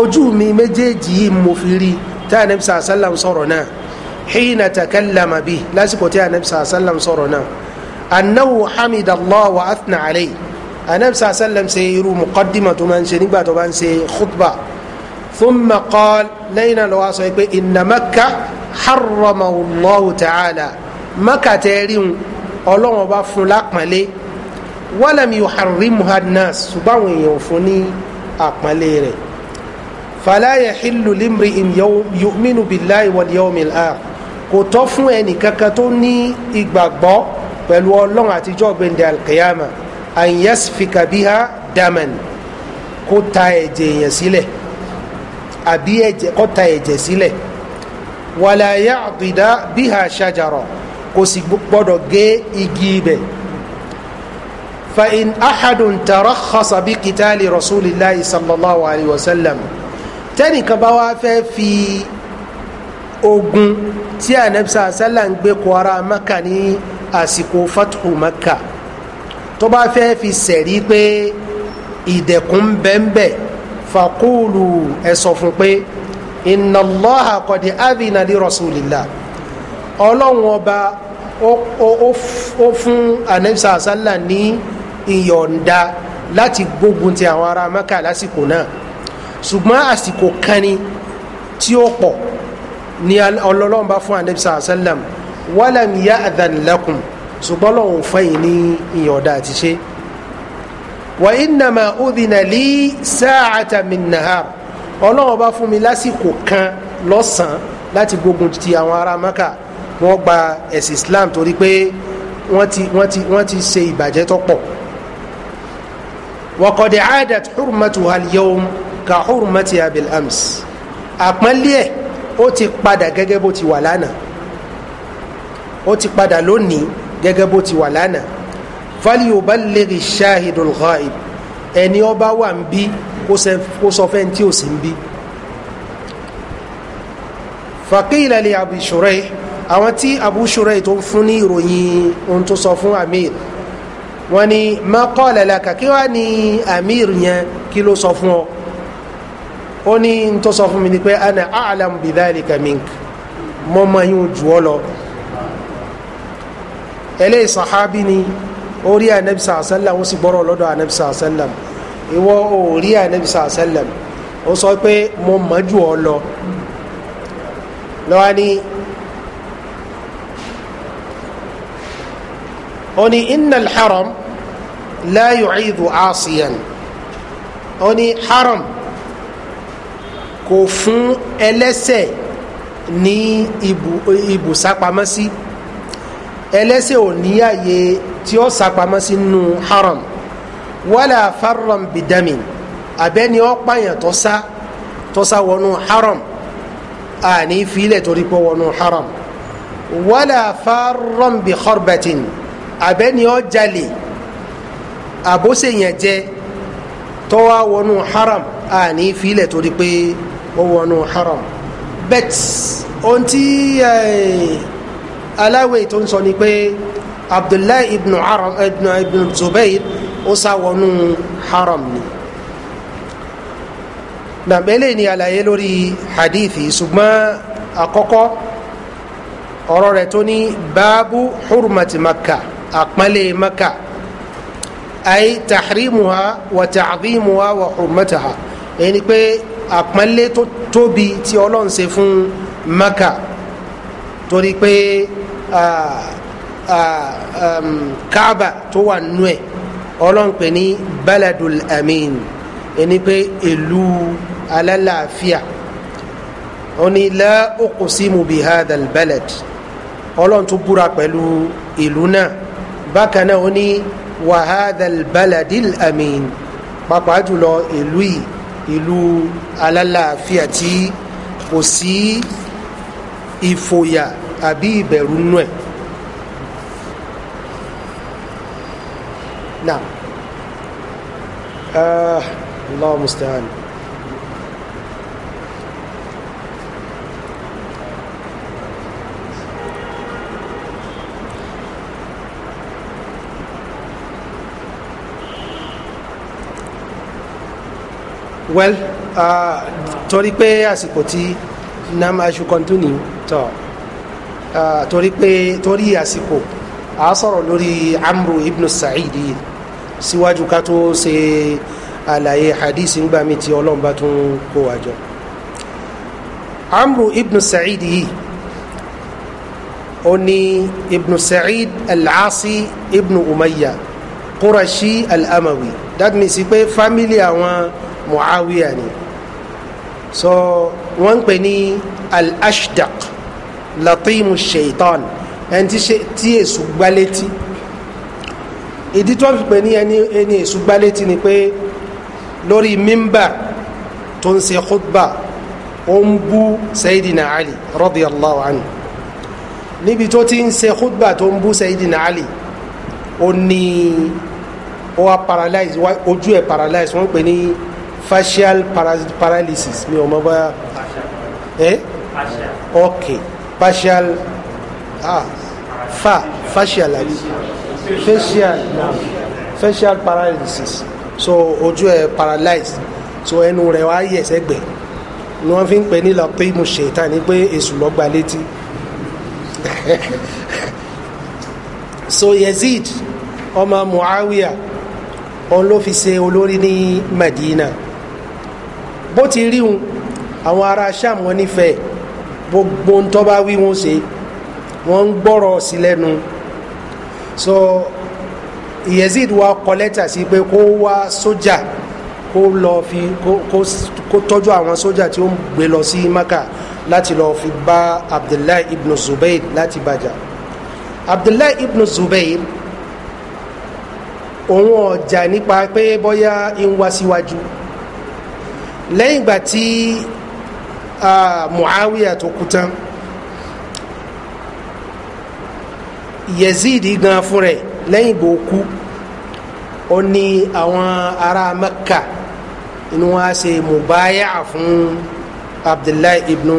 ojú mi méjèèjì yìí mo fi rí tí anabi sàásàlám sọ̀rọ̀ náà xìnà takallama bi lásìkò tí anabi sàásàlám sọ̀rọ̀ náà annahu hamid allah wa athna alayhi anabi sàásàlám ṣe irú muqaddima tó máa ń ṣe nígbà tó máa ń ṣe khutba ثم قال لين لو إن مكة حرمه الله تعالى مكة تيرين ọlọ́run ọba fún lápọ̀nlé wàlámi yuharrimuha nas ṣùgbọ́n àwọn èèyàn fún ní àpọ́nlé rẹ̀ fàlàyé hìlù limri im yominu bilayi wal yomil a kò tọ́ fún ẹnì kankan tó ní ìgbàgbọ́ pẹ̀lú ọlọ́run àtijọ́ gbẹ̀ndẹ̀ alkiyama àyẹ́sìfìkà bí ha daman kó ta ẹ̀jẹ̀ èèyàn sílẹ̀ àbí kó ta ẹ̀jẹ̀ sílẹ̀ wàlàyé àbìdá bí ṣàjàrọ̀ kò sì gbọ́dọ̀ gé igi ibẹ̀ فإن أحد ترخص بقتال رسول الله صلى الله عليه وسلم تاني كبوا في ogun tí anabisa asala ń gbé kó ara maka ní àsìkò fatuhu maka tó bá fẹ́ fi sẹ̀rí pé ìdẹ̀kùn bẹ́ẹ̀nbẹ́ fakulu ẹ sọ fún pé inna allaha qad adhina li rasulillah ọlọ́run ọba ó fún anabisa asala ní ìyọ̀ǹda láti gbógun ti àwọn ará maka lásìkò náà ṣùgbọ́n àsìkò kan ni tí ó pọ̀ ní ọlọ́lọ́mba fún anabi sàlám wàlám ya àdánilẹ́kùn ṣùgbọ́n lọ́wọ́ fẹ́yìn ní ìyọ̀ǹda àti ṣe. wà ìnàmà òdìnà lè sáàtà mìnàhà ọlọ́wọ́ bá fún mi lásìkò kan lọ́sàn-án láti gbógun ti àwọn ará maka wọ́n gba ẹ̀sìn islam torí pé wọ́n ti ṣe ìbàjẹ́ tó pọ̀. وقد عادت حرمتها اليوم كحرمتها بالأمس àpọ́nlé ẹ̀ ó ti padà gẹ́gẹ́ bó ti wà lánàá ó ti padà lónìí gẹ́gẹ́ bó ti wà lánàá فليبلغ الشاهد الغائب ẹni ó bá wà ń bí kó sọ fẹ́ tí ò sí ń bí. فقيل لأبي شريح àwọn tí Abu Shuraih tó ń fún ní ìròyìn ohun tó sọ fún Amir wọ́n ní ma qala laka kí wàá ní amir yẹn kí ló sọ fún ọ ó ní n tó sọ fún mi ni pé ana a'lam bidhalika mink mo máa yín jù ọ lọ eléyìí sàhábì ni ó rí anabi sàásálàm ó sì gbọ́rọ̀ lọ́dọ̀ anabi sàásálàm ìwọ ò rí anabi sàásálàm ó sọ pé mo mọ̀ jù ọ lọ lọ́wọ́ ni. oni innal haram láyò ìdù àṣìyàn ó ní haram kò fún ẹlẹ́sẹ̀ ní ibùsápamọ́sí ẹlẹ́sẹ̀ ò ní àyè tí ó sápamọ́sí nínú haram wàlà farram bidamin abẹ́ni ó pààyàn tó sá tó sá wọnú haram àní filẹ̀ torí pé wọnú haram wàlà farram bi kharbatin abẹ́ni ó jalè àbóṣe yẹn jẹ tọ́wá wọnú haram àní filẹ̀ torí pé ó wọnú haram bet ohun tí eh, aláwẹ̀ tó ń sọ ni pé abdullahi ibn haram ibn zubair ó sá wọnú haram ni nàbẹ́lẹ̀ ni àlàyé lórí hadithi ṣùgbọ́n àkọ́kọ́ ọ̀rọ̀ rẹ̀ tó ní báábù hurmati maka àpọ́nlé maka ay tahrimuha wa ta'dhimuha wa hurmataha ẹni pé àpọ́nlé tó tóbi tí ọlọ́run ṣe fún maka torí pé kaaba tó wà nù ẹ̀ ọlọ́run pè ní baladul amin ẹni pé ìlú alálàáfíà ó ní la uqsimu bi hadha balad ọlọ́run tó búra pẹ̀lú ìlú náà bákan náà wàhádàl baladil amin pàápàá jùlọ ìlú yìí ìlú alálàáfíà tí kò sí ìfòyà àbí ìbẹ̀rù nù ẹ̀. Now, uh, ah, Allah musta'an. well uh, torí pé àsìkò tí nam i should continue tọ uh, torí pé torí àsìkò a sọ̀rọ̀ lórí amru ibn sa'id yìí síwájú ká tó ṣe àlàyé hadith ńgbà mi tí ọlọ́run bá tún kó wa jọ amru ibn sa'id yìí ó ní ibn sa'id al-asi umayya qurashi al-amawi that means pé family àwọn muawiya ni so wọ́n ń pè ní al-ashdaq latimu shaitan ẹni tí èsù gbálétí ìdí tó fi pè ní ẹni èsù gbálétí ni pé lórí mímbà tó ń se khutba ó ń bú sayidina ali radiyallahu anhu níbi tó ti ń se khutba tó ń bú sayidina ali ó ní ó wá paralyze ojú ẹ̀ paralyze wọ́n pè ní facial paralysis mi ò mọ bá ẹ eh? ok Facial. ah fa facial àbí facial na facial paralysis so ojú ẹ paralyzed so ẹnu rẹ wá yẹ sẹgbẹ ni wọn fi ń pè ní lọpẹ mo ṣètà ni pé èṣù lọ gba létí <laughs> so Yazid ọmọ Muawiya òun ló fi ṣe olórí ní Madina bó ti rí wọn àwọn ará sham wọn nífẹ̀ẹ́ gbogbo ntọ́ wí wọn ṣe wọ́n ń gbọ́rọ̀ sí lẹ́nu so yezid wa kọ lẹ́tà sí pé kó wá sójà kó lọ fi kó tọ́jú àwọn sójà tí ó ń gbé lọ sí Maka láti lọ fi bá Abdullahi ibn Zubair láti bàjá Abdullahi ibn Zubair òun ọ̀jà nípa pé bóyá ń wá síwájú. Si lẹ́yìn ìgbà tí muawiya tó kú tán yezid gan fún rẹ̀ lẹ́yìn ìgbà òkú ó ní àwọn ará mẹ́kà inú wa ṣe mubaya fún abdullahi ibn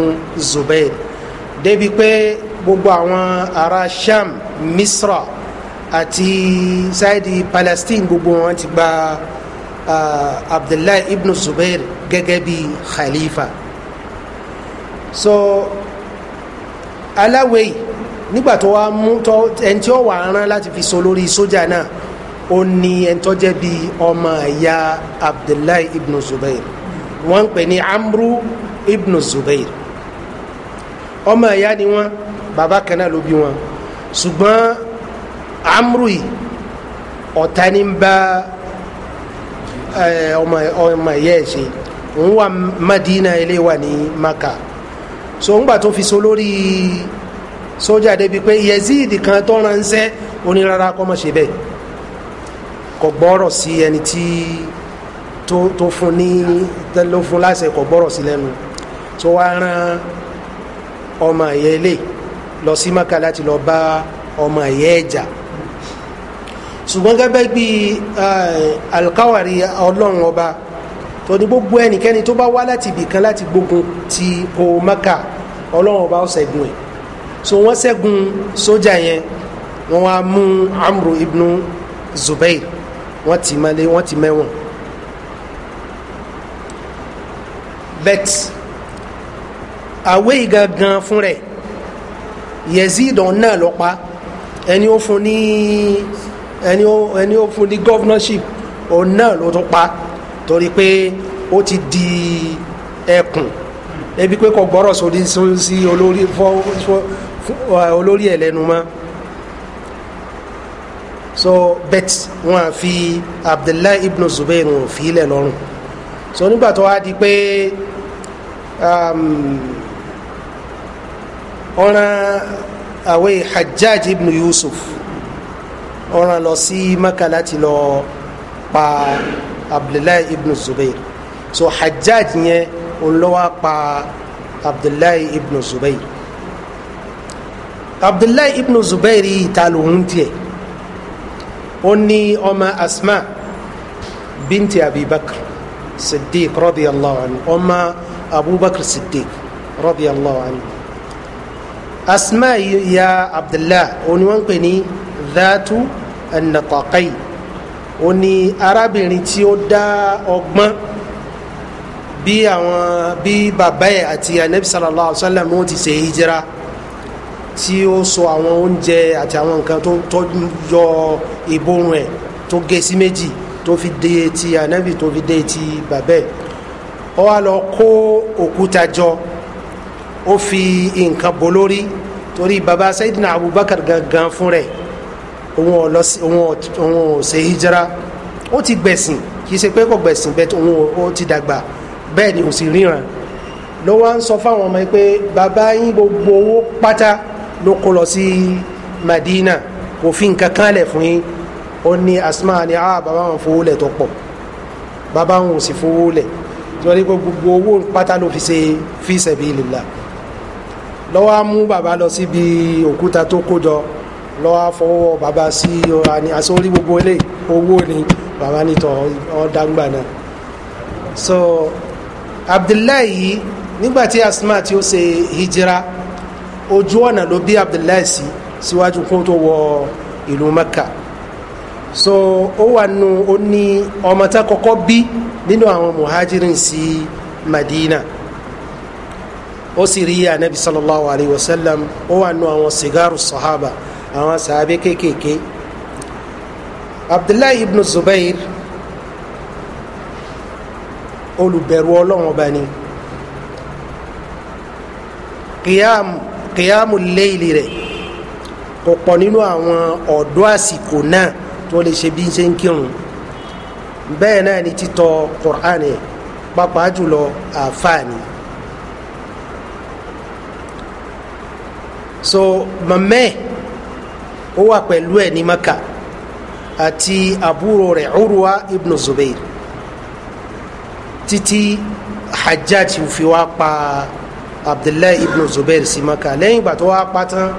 zubair débi pé gbogbo àwọn ará sham misra àti saidi palestine gbogbo wọn ti gba abdullahi ibn zubair gẹ́gẹ́ bí khalifa so aláwẹ̀ nígbà tó wá mú tó ẹni tí ó wà rán láti fi so lórí sójà náà ó ní ẹni tó jẹ́ bí ọmọ ìyá abdullahi ibn zubair wọ́n ń pè ní amru ibn zubair ọmọ ìyá ni wọ́n bàbá kan ló bí wọn ṣùgbọ́n amru yìí ọ̀tá ní ń bá ọmọ ìyá ẹ̀ ṣe òun wà madina ilé wà ní maka so ń gbà tó fi so lórí sójà débi pé yezid kan tó ránṣẹ́ onírara kọ́ mọ̀ ṣe bẹ́ẹ̀ kò gbọ́rọ̀ sí ẹni tí tó fún ní ló fún láṣẹ kò gbọ́rọ̀ sí lẹ́nu tó wá rán ọmọ ẹ̀yẹ ilé lọ sí maka láti lọ bá ọmọ ẹ̀yẹ ẹ̀jà ṣùgbọ́n gẹ́gẹ́ bí eh, alkawari ọlọ́run ọba tó ní gbogbo ẹnikẹ́ni tó bá wá láti ibì kan láti gbógun ti o maka ọlọ́run ọba ṣẹ́gun ẹ̀ so wọ́n ṣẹ́gun sójà yẹn wọ́n wá mú amru ibnu zubair wọ́n ti mọ́lé wọ́n ti mẹ́wọ̀n bet àwé gangan fún rẹ̀ yezid náà lọ pa ẹni ó fún ní ẹni ó fún ní governorship òun náà ló tún pa torí pé ó ti di ẹkùn ebi pé kò gbọ́rọ̀ sódì sí olórí fọ́ olórí ẹ̀ lẹ́nu mọ́ so bet wọn fi abdullahi ibn zubair wọn fi ilẹ̀ lọ́rùn so nígbà tó wá di pé um, ọ̀ràn àwẹ̀ hajjaj ibn yusuf ọ̀ràn lọ sí maka láti lọ pa abdullahi ibn zubair so hajjaj yẹn òun ló wá pa abdullahi ibn zubair abdullahi ibn zubair yìí ta lòun tiẹ̀ ó ní ọmọ asma binti abibakar siddiq radiyallahu anhu ọmọ abubakar siddiq radiyallahu anhu asma ya abdullahi òun ni wọ́n ń pè ní dhatu an ó ní arábìnrin tí ó dá ọgbọ́n bí àwọn bí bàbá ẹ̀ àti anabi sallallahu alayhi wa sallam ó ti ṣe hijira tí ó sọ àwọn oúnjẹ àti àwọn nǹkan tó yọ ìborùn ẹ̀ tó gé sí méjì tó fi dé etí anabi tó fi dé etí bàbá ẹ̀ ó wá lọ kó òkúta jọ ó fi nǹkan bò torí baba sayidina abubakar gangan fún rẹ̀ òun ò ṣe hijira ó ti gbẹ̀sìn kì í ṣe pé kò gbẹ̀sìn bẹ́ẹ̀ òun ò ti dàgbà bẹ́ẹ̀ ni ò sì ríran ló wá ń sọ fáwọn ọmọ pé bàbá yín gbogbo owó pátá ló kó lọ sí Madina kò fi nǹkan kan lẹ̀ fún yín ó ní Asma ni ah bàbá wọn fowó lẹ̀ tó pọ̀ bàbá wọn ò sì fowó lẹ̀ torí pé gbogbo owó pátá ló fi ṣe fi sabilillah lọ́wọ́ á mú bàbá lọ síbi òkúta tó kó jọ lọ́wọ́ fọwọ́ bàbá sí ọ̀rá ni àsórí gbogbo ilé owó ni bàbá nìtọ̀ ọ̀dàgbà náà so abdullahi yìí nígbàtí asma tí ó ṣe hijira ojú ọ̀nà ló bí abdullahi sí síwájú kó tó wọ ìlú mẹ́kà so ó wà nù ó ní ọmọ tá kọ́kọ́ bí nínú àwọn muhajirin sí madina ó sì rí anabi sallallahu alayhi wa sallam ó wà nù àwọn sigaru sahaba. So, àwọn sàábé kéékèèké abdullahi ibn zubair olùbẹ̀rù ọlọ́run ọba ni kìyàmù léèlì rẹ̀ kò pọ̀ nínú àwọn ọ̀dọ́ àsìkò náà tó lè ṣe bí ṣe ń kírun bẹ́ẹ̀ náà ni títọ quran ẹ̀ pàápàá jùlọ àfààní. so mamẹ́ ó wà pẹ̀lú ẹ̀ ní maka àti àbúrò rẹ̀ urwa ibn zubair títí hajjaj fi wá pa abdullahi ibn zubair sí maka lẹ́yìn ìgbà tó wá pa tán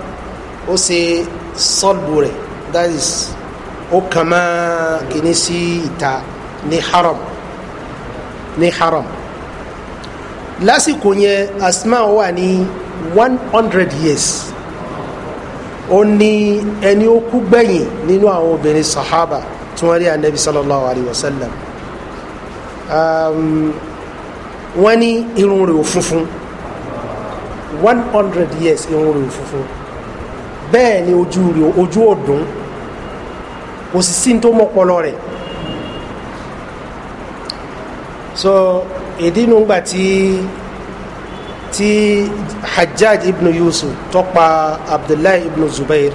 ó ṣe sọ́ọ̀lù rẹ̀ that is ó kàn máa kìíní sí ìta ní haram ní haram lásìkò yẹn asma wà ní one hundred years ó ní ẹni ó kú gbẹ̀yìn nínú àwọn obìnrin sahaba tí wọ́n rí anabi sallallahu alayhi wa sallam um, wọ́n ní irun rẹ̀ ò funfun one hundred years irun rẹ̀ ò funfun bẹ́ẹ̀ ni ojú rẹ̀ ojú ò kò sì sí ní tó mọ́pọlọ rẹ̀ so ìdí nu gbà tí ti hajjaj ibn yusuf tọpa abdullahi ibn zubair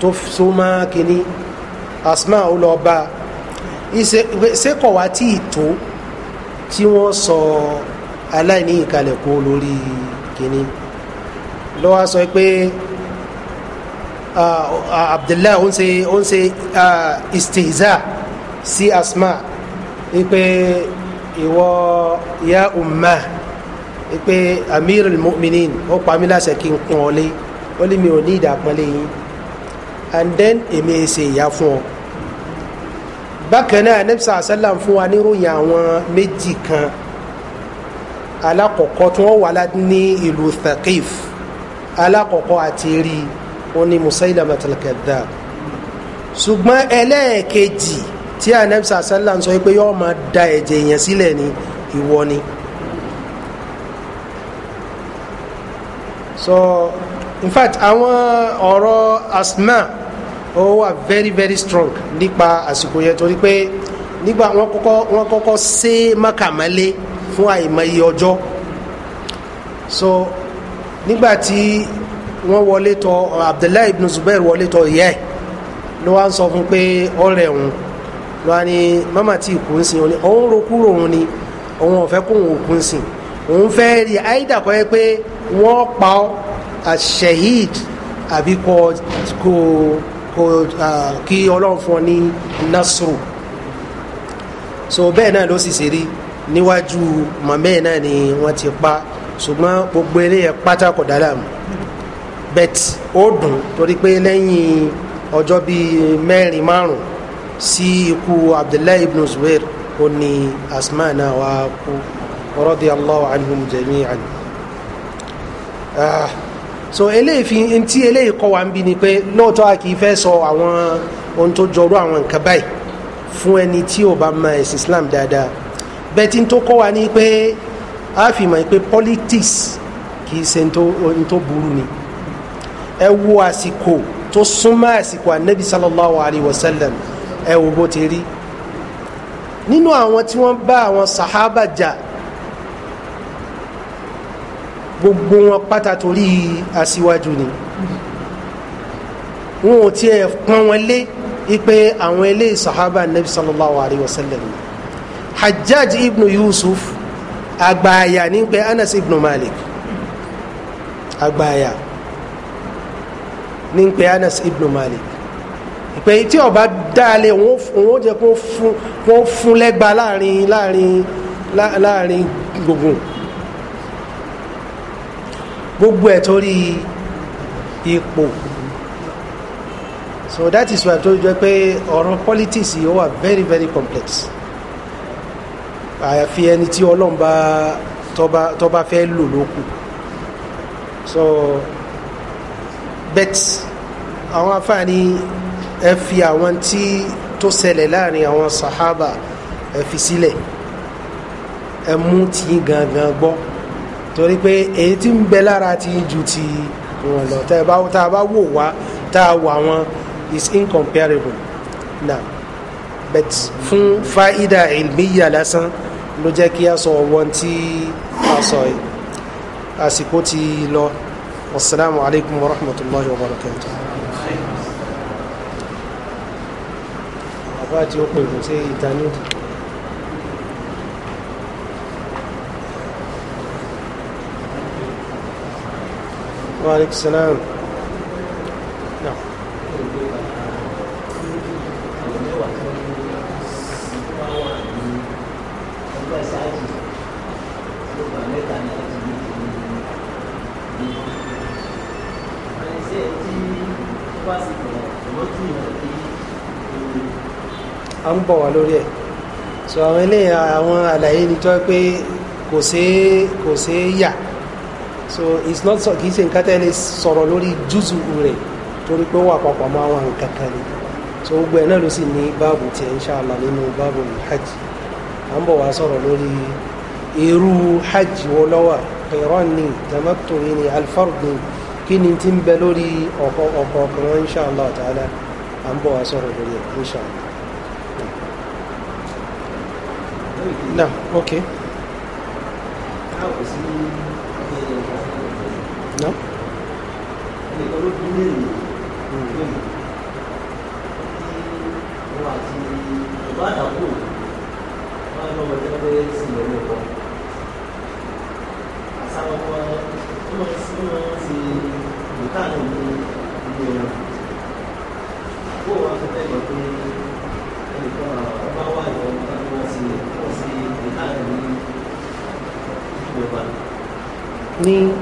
tó súnmọ́ kínní asma ọlọ́ba ìṣekọ̀ wá tí ìtò tí wọ́n sọ aláìní ìkàlẹ̀ kó lórí kínní lọ́wọ́ sọ pé ah, ah, abdullahi ó ń ṣe ó ń ṣe ah, istihza sí asma wípé ìwọ ya ummah pé amir muminin ó pa mí láṣẹ kí n pọ́n ọ lé ó lé mi ò ní ìdàpọ́nlé yín and then èmi ẹ ṣe ìyá fún ọ bákan náà anabisa asalam fún wa níròyìn àwọn méjì kan alakọkọ tí wọn wà ní ìlú thaqif alakọkọ àti rí wọn ni musailama talakada ṣùgbọn ẹlẹ́ẹ̀kejì tí anabisa asalam sọ pé yọọ máa da ẹ̀jẹ̀ yẹn sílẹ̀ ni ìwọ ni. so in fact àwọn ọ̀rọ̀ asma ó wà very very strong nípa àsìkò yẹn torí pé nígbà wọn kọ́kọ́ wọn kọ́kọ́ sé mọ́kàmọ́lé fún àìmọye ọjọ́ so nígbà tí wọ́n wọlé tọ̀ abdullahi ibn zubair wọlé tọ̀ ìyá ẹ̀ ló wá ń sọ fún pé ọ̀rẹ́ òun ló wá ní mọ́mà tí ìkú ń sìn òun ni òun ro kúrò òun ni òun ọ̀fẹ́ kóun òkú ń sìn òun fẹ́ rí àìdàkọ́ yẹ pé wọ́n pa ọ́ àṣehid àbí kò kò kò kí ọlọ́run fún ọ ní nasru so bẹ́ẹ̀ náà ló sì ṣe rí níwájú mọ̀mẹ́ náà ni wọ́n ti pa ṣùgbọ́n gbogbo eléyẹ pátá kò dára mu bet ó dùn torí pé lẹ́yìn ọjọ́ bíi mẹ́rin márùn sí ikú abdullahi ibn zubair ó ní asma náà wá kú radiyallahu anhum jami'an. Ah, so eléyìí fi ntí eléyìí kọ́ wa ń bi ni pé lóòótọ́ a kì í fẹ́ sọ àwọn ohun tó jọrú àwọn nǹkan báyìí fún ẹni tí ò bá mọ ẹ̀sìn islam dáadáa bẹ́ẹ̀ tí n tó kọ́ wa ni pé a fi mọ̀ pé politics kì í ṣe ohun tó burú ni ẹ wo àsìkò tó súnmọ́ àsìkò anabi sallallahu alayhi wa sallam ẹ wo bó ti rí nínú àwọn tí wọ́n bá àwọn sahaba jà. Ja, gbogbo wọn pátá torí aṣíwájú ni wọn ò tiẹ̀ pọ́n wọn lé ipe àwọn ilé sahaba nabi sallallahu alayhi wa sallam hajjaj ibn yusuf àgbàyà ní pé anas ibn malik àgbàyà ní pé anas ibn malik ìpè tí ọba dáalé òun ó jẹ kó fún lẹ́gba láàrin láàrin láàrin gbogbo gbogbo ẹ̀ torí ipò so that is why tó jẹ́ pé ọ̀ràn politics yìí wà very very complex àyàfi ẹni tí ọlọ́run bá tó bá fẹ́ lò lókù so bet àwọn afáàní ẹ fi àwọn tí tó ṣẹlẹ̀ láàrin àwọn sahaba ẹ fi sílẹ̀ ẹ mú tí gangan gbọ́. Bon torí pé èyí tí ń bẹ lára ti ju ti wọn lọ tá a bá wò wá tá a wà wọn is incomparable Now, but fún fáídà ìlmíyà lásán ló jẹ́ kí a sọ wọn tí a sọ yìí àsìkò ti lọ wasalaamu alaykum wa rahmatulahi wa barakatu. àbá tí ó pè fún sí ìtàníjì. وعليك السلام نعم a ń bọ̀ wá lórí ẹ̀ so àwọn eléyà àwọn àlàyé ni tó pé kò sí kò sí yà so it's not so kì í ṣe nǹkan tẹ́lẹ̀ sọ̀rọ̀ lórí júùsù rẹ̀ torí pé ó wà papọ̀ mọ́ àwọn nǹkan kan ni so gbogbo ẹ̀ náà ló sì ní báàbù tiẹ̀ inṣàlá nínú báàbù hajj à ń bọ̀ wá sọ̀rọ̀ lórí irú hajj wo lọ́wọ́ qiran ni tamattu ni alfard ni kí ni ti ń bẹ lórí ọ̀kọ̀ ọ̀kọ̀ kan inṣàlá ta'ala à ń bọ̀ wá sọ̀rọ̀ lórí ẹ̀ inṣàlá. na ok. No? ní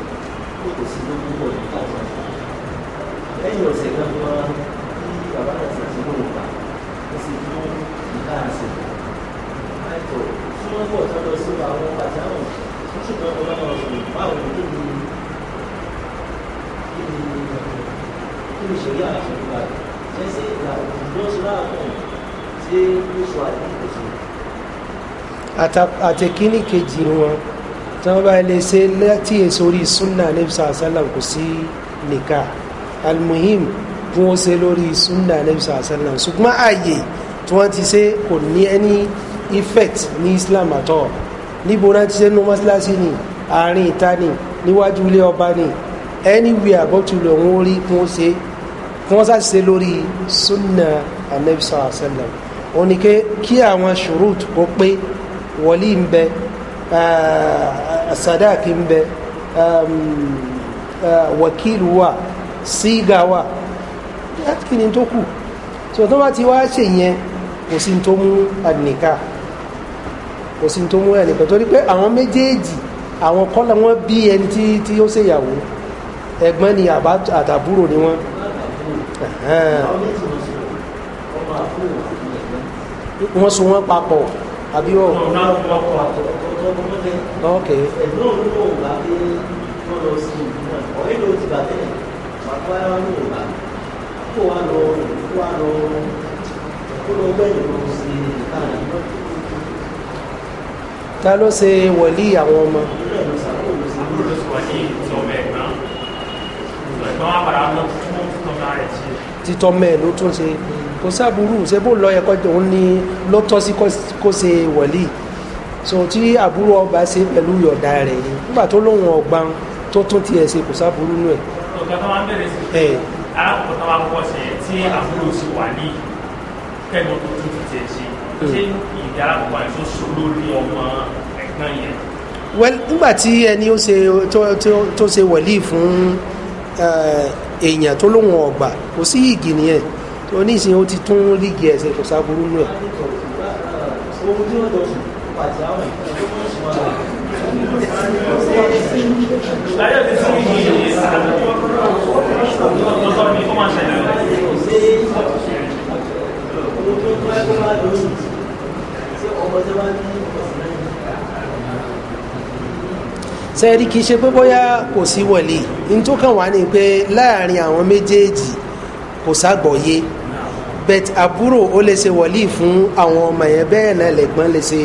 ètò sí ló gbogbo ọdún káàtó lẹ́yìn ọ̀sẹ̀ kan ni wọ́n ní bàbá àti àtúntò ló pa ó sì fún ìka àṣẹ àìtọ́ tí wọ́n bọ̀ tó lọ sí àwọn pàjáwọ̀ tó ṣùgbọ́n ọmọ náà sọ̀rọ̀ báwo ni kí ni kí ni kí ni ìṣòrí àṣọ ìgbà jẹ́ sí ìgbà ìdúróṣọ́lá àpọ̀ tí ó sọ àdínkù sí. àtẹkíní kejì wọn tí wọ́n bá lè láti èso sunna nebi sàlám kò sí nìka almuhim kí wọ́n ṣe lórí sunna nebi sàlám ṣùgbọ́n ààyè tí wọ́n ti ṣe kò ní ẹni effect ní islam àtọ́ níbo náà ti ṣe nínú mọ́ṣáláṣí ni àárín ìta ni níwájú ilé ọba ni anywhere bó ti lọ wọn rí kí wọ́n ṣe kí wọ́n ṣàṣìṣe lórí sunna anabi sàlám òní kí àwọn ṣòro tó pé wọlé ń bẹ sadaki ń bẹ wakil wà síga wà láti kí ni tó kù so tó bá ti wá ṣe yẹn kò sí tó mú àdìníkà kò sí tó mú àdìníkà torí pé àwọn méjèèjì àwọn kọ́lá wọn bí ẹni tí tí ó ṣèyàwó ẹ̀gbọ́n ni àtàbúrò ni wọ́n wọ́n so wọ́n papọ̀ àbí wọ́n ok. ẹ̀gbọ́n mi kò gbà pé wọ́n lọ sí ìlú náà ọ̀rẹ́ ló ti bàtẹ́ bàbá wa ní òun bá kó wa lọ kó wa lọ kó lọ gbẹ̀yìn lọ sí ìlànà náà. ta ló ṣe wọ̀lí àwọn ọmọ. àbúrò ló ṣe wọ̀lí ìtọ́mọ ẹ̀gbọ́n ẹ̀gbọ́n wa padà lọ fún tọ́mọ rẹ̀ sí. títọ́mọ ẹ̀ ló tún ṣe kò sábúrú ṣe bó lọ yẹ kó òun ní ló tọ́ so tí àbúrò ọba ṣe pẹ̀lú yọ̀dá rẹ̀ yìí nígbà tó lóun ọ̀gbọ́n tó tún tiẹ̀ ṣe kò sáburú nù ẹ̀. ọ̀gá tó máa ń bẹ̀rẹ̀ sí i alákọ̀ọ́kọ́ máa ń kọ́kọ́ ṣe tí àbúrò sì wà ní kẹ́gbọ́n tó tún ti tiẹ̀ ṣe ṣé ìdá alákọ̀ọ́kọ́ àti tó so lórí ọmọ ẹ̀gbọ́n yẹn. wẹ́n nígbà tí ẹni tó ṣe wẹ̀lí fún èèyàn tó lóun ọ̀gbà kò sí ìgì nìyẹn tó ó ti tún rígi ẹ̀sẹ̀ kò sáburú nù ẹ̀ sẹ́ẹ̀rí kìí ṣe pé bóyá kò sí wọlé ní tó kàn wá ní pé láàrin àwọn méjèèjì kò ságbọ̀yé bet àbúrò ó lè ṣe wọlé fún àwọn ọmọ yẹn bẹ́ẹ̀ náà lẹ́gbọ́n lè ṣe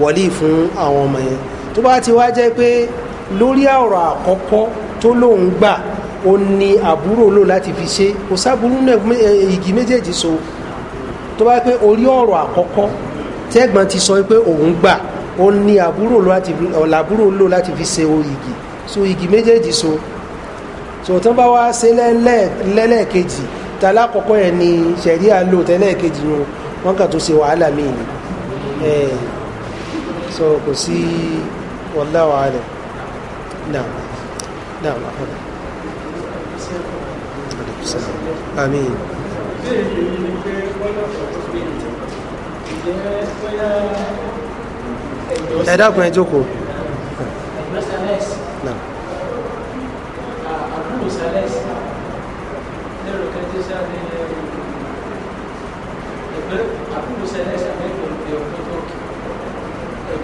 wọlé fún àwọn ọmọ yẹn tó bá ti wá jẹ́ pé lórí ọ̀rọ̀ àkọ́kọ́ tó lóun gbà ó ní àbúrò lò láti fi ṣe kò sábúrú náà igi méjèèjì so tó bá pé orí ọ̀rọ̀ àkọ́kọ́ tẹ́gbọ́n ti sọ pé òun gbà ó ní àbúrò lò láti fi ṣe o igi so igi méjèèjì so so tó bá wá ṣe lẹ́lẹ́kejì tala kọ̀kọ́ yẹn ni sẹ̀ríà lò tẹ́lẹ̀kejì yẹn wọ́n kà tó ṣe wàhálà míì ni so kò sí wallahu alam náà náà wà fún mi. àmín. ẹ dákun ẹ jókòó. No.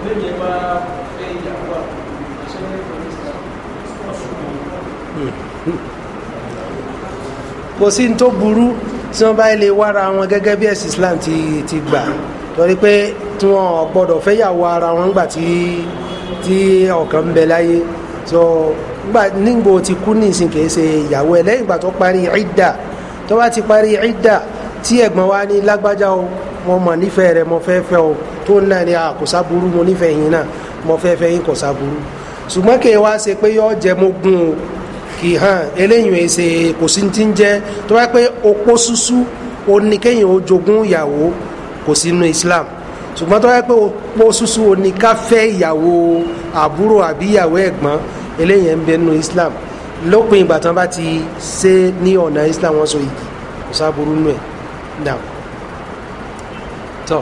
lẹ́yìn bá fẹ́ ìyàwó àṣẹ kò sí ní tó burú tí wọ́n bá lè wára wọn gẹ́gẹ́ bí ẹ̀sìn Islam ti ti gbà torí pé tí wọn ò gbọ́dọ̀ fẹ́ yàwó ara wọn gbà tí tí ọ̀kan ń bẹ láyé so gbà nígbò ti kú nísìn kìí ṣe ìyàwó ẹ̀ lẹ́yìn ìgbà tó parí ìdà tó bá ti parí ìdà tí ẹ̀gbọ́n wa ní lágbájá o mo mọ̀ nífẹ̀ẹ́ rẹ̀ mo fẹ́ fẹ́ o tó náà ni àkòsá ah, burú mo nífẹ̀ẹ́ yín náà mo fẹ́ fẹ́ yín kòsá burú ṣùgbọ́n kí ẹ wá ṣe pé yọ jẹ mo gun o kì í hàn eléyìí ẹ ṣe kò sí ti ń jẹ tó bá pé opó ṣuṣú o ní ìyàwó kò sí inú Islam ṣùgbọ́n tó bá pé opó ṣuṣú o ní ká fẹ́ ìyàwó àbúrò àbí ìyàwó ẹ̀gbọ́n eléyìí ẹ̀ ń bẹ nínú Islam lópin ìgbà tán bá ti ṣe ní ọ̀nà Islam wọn so igi kò sábúrú nù ẹ̀ náà tọ́.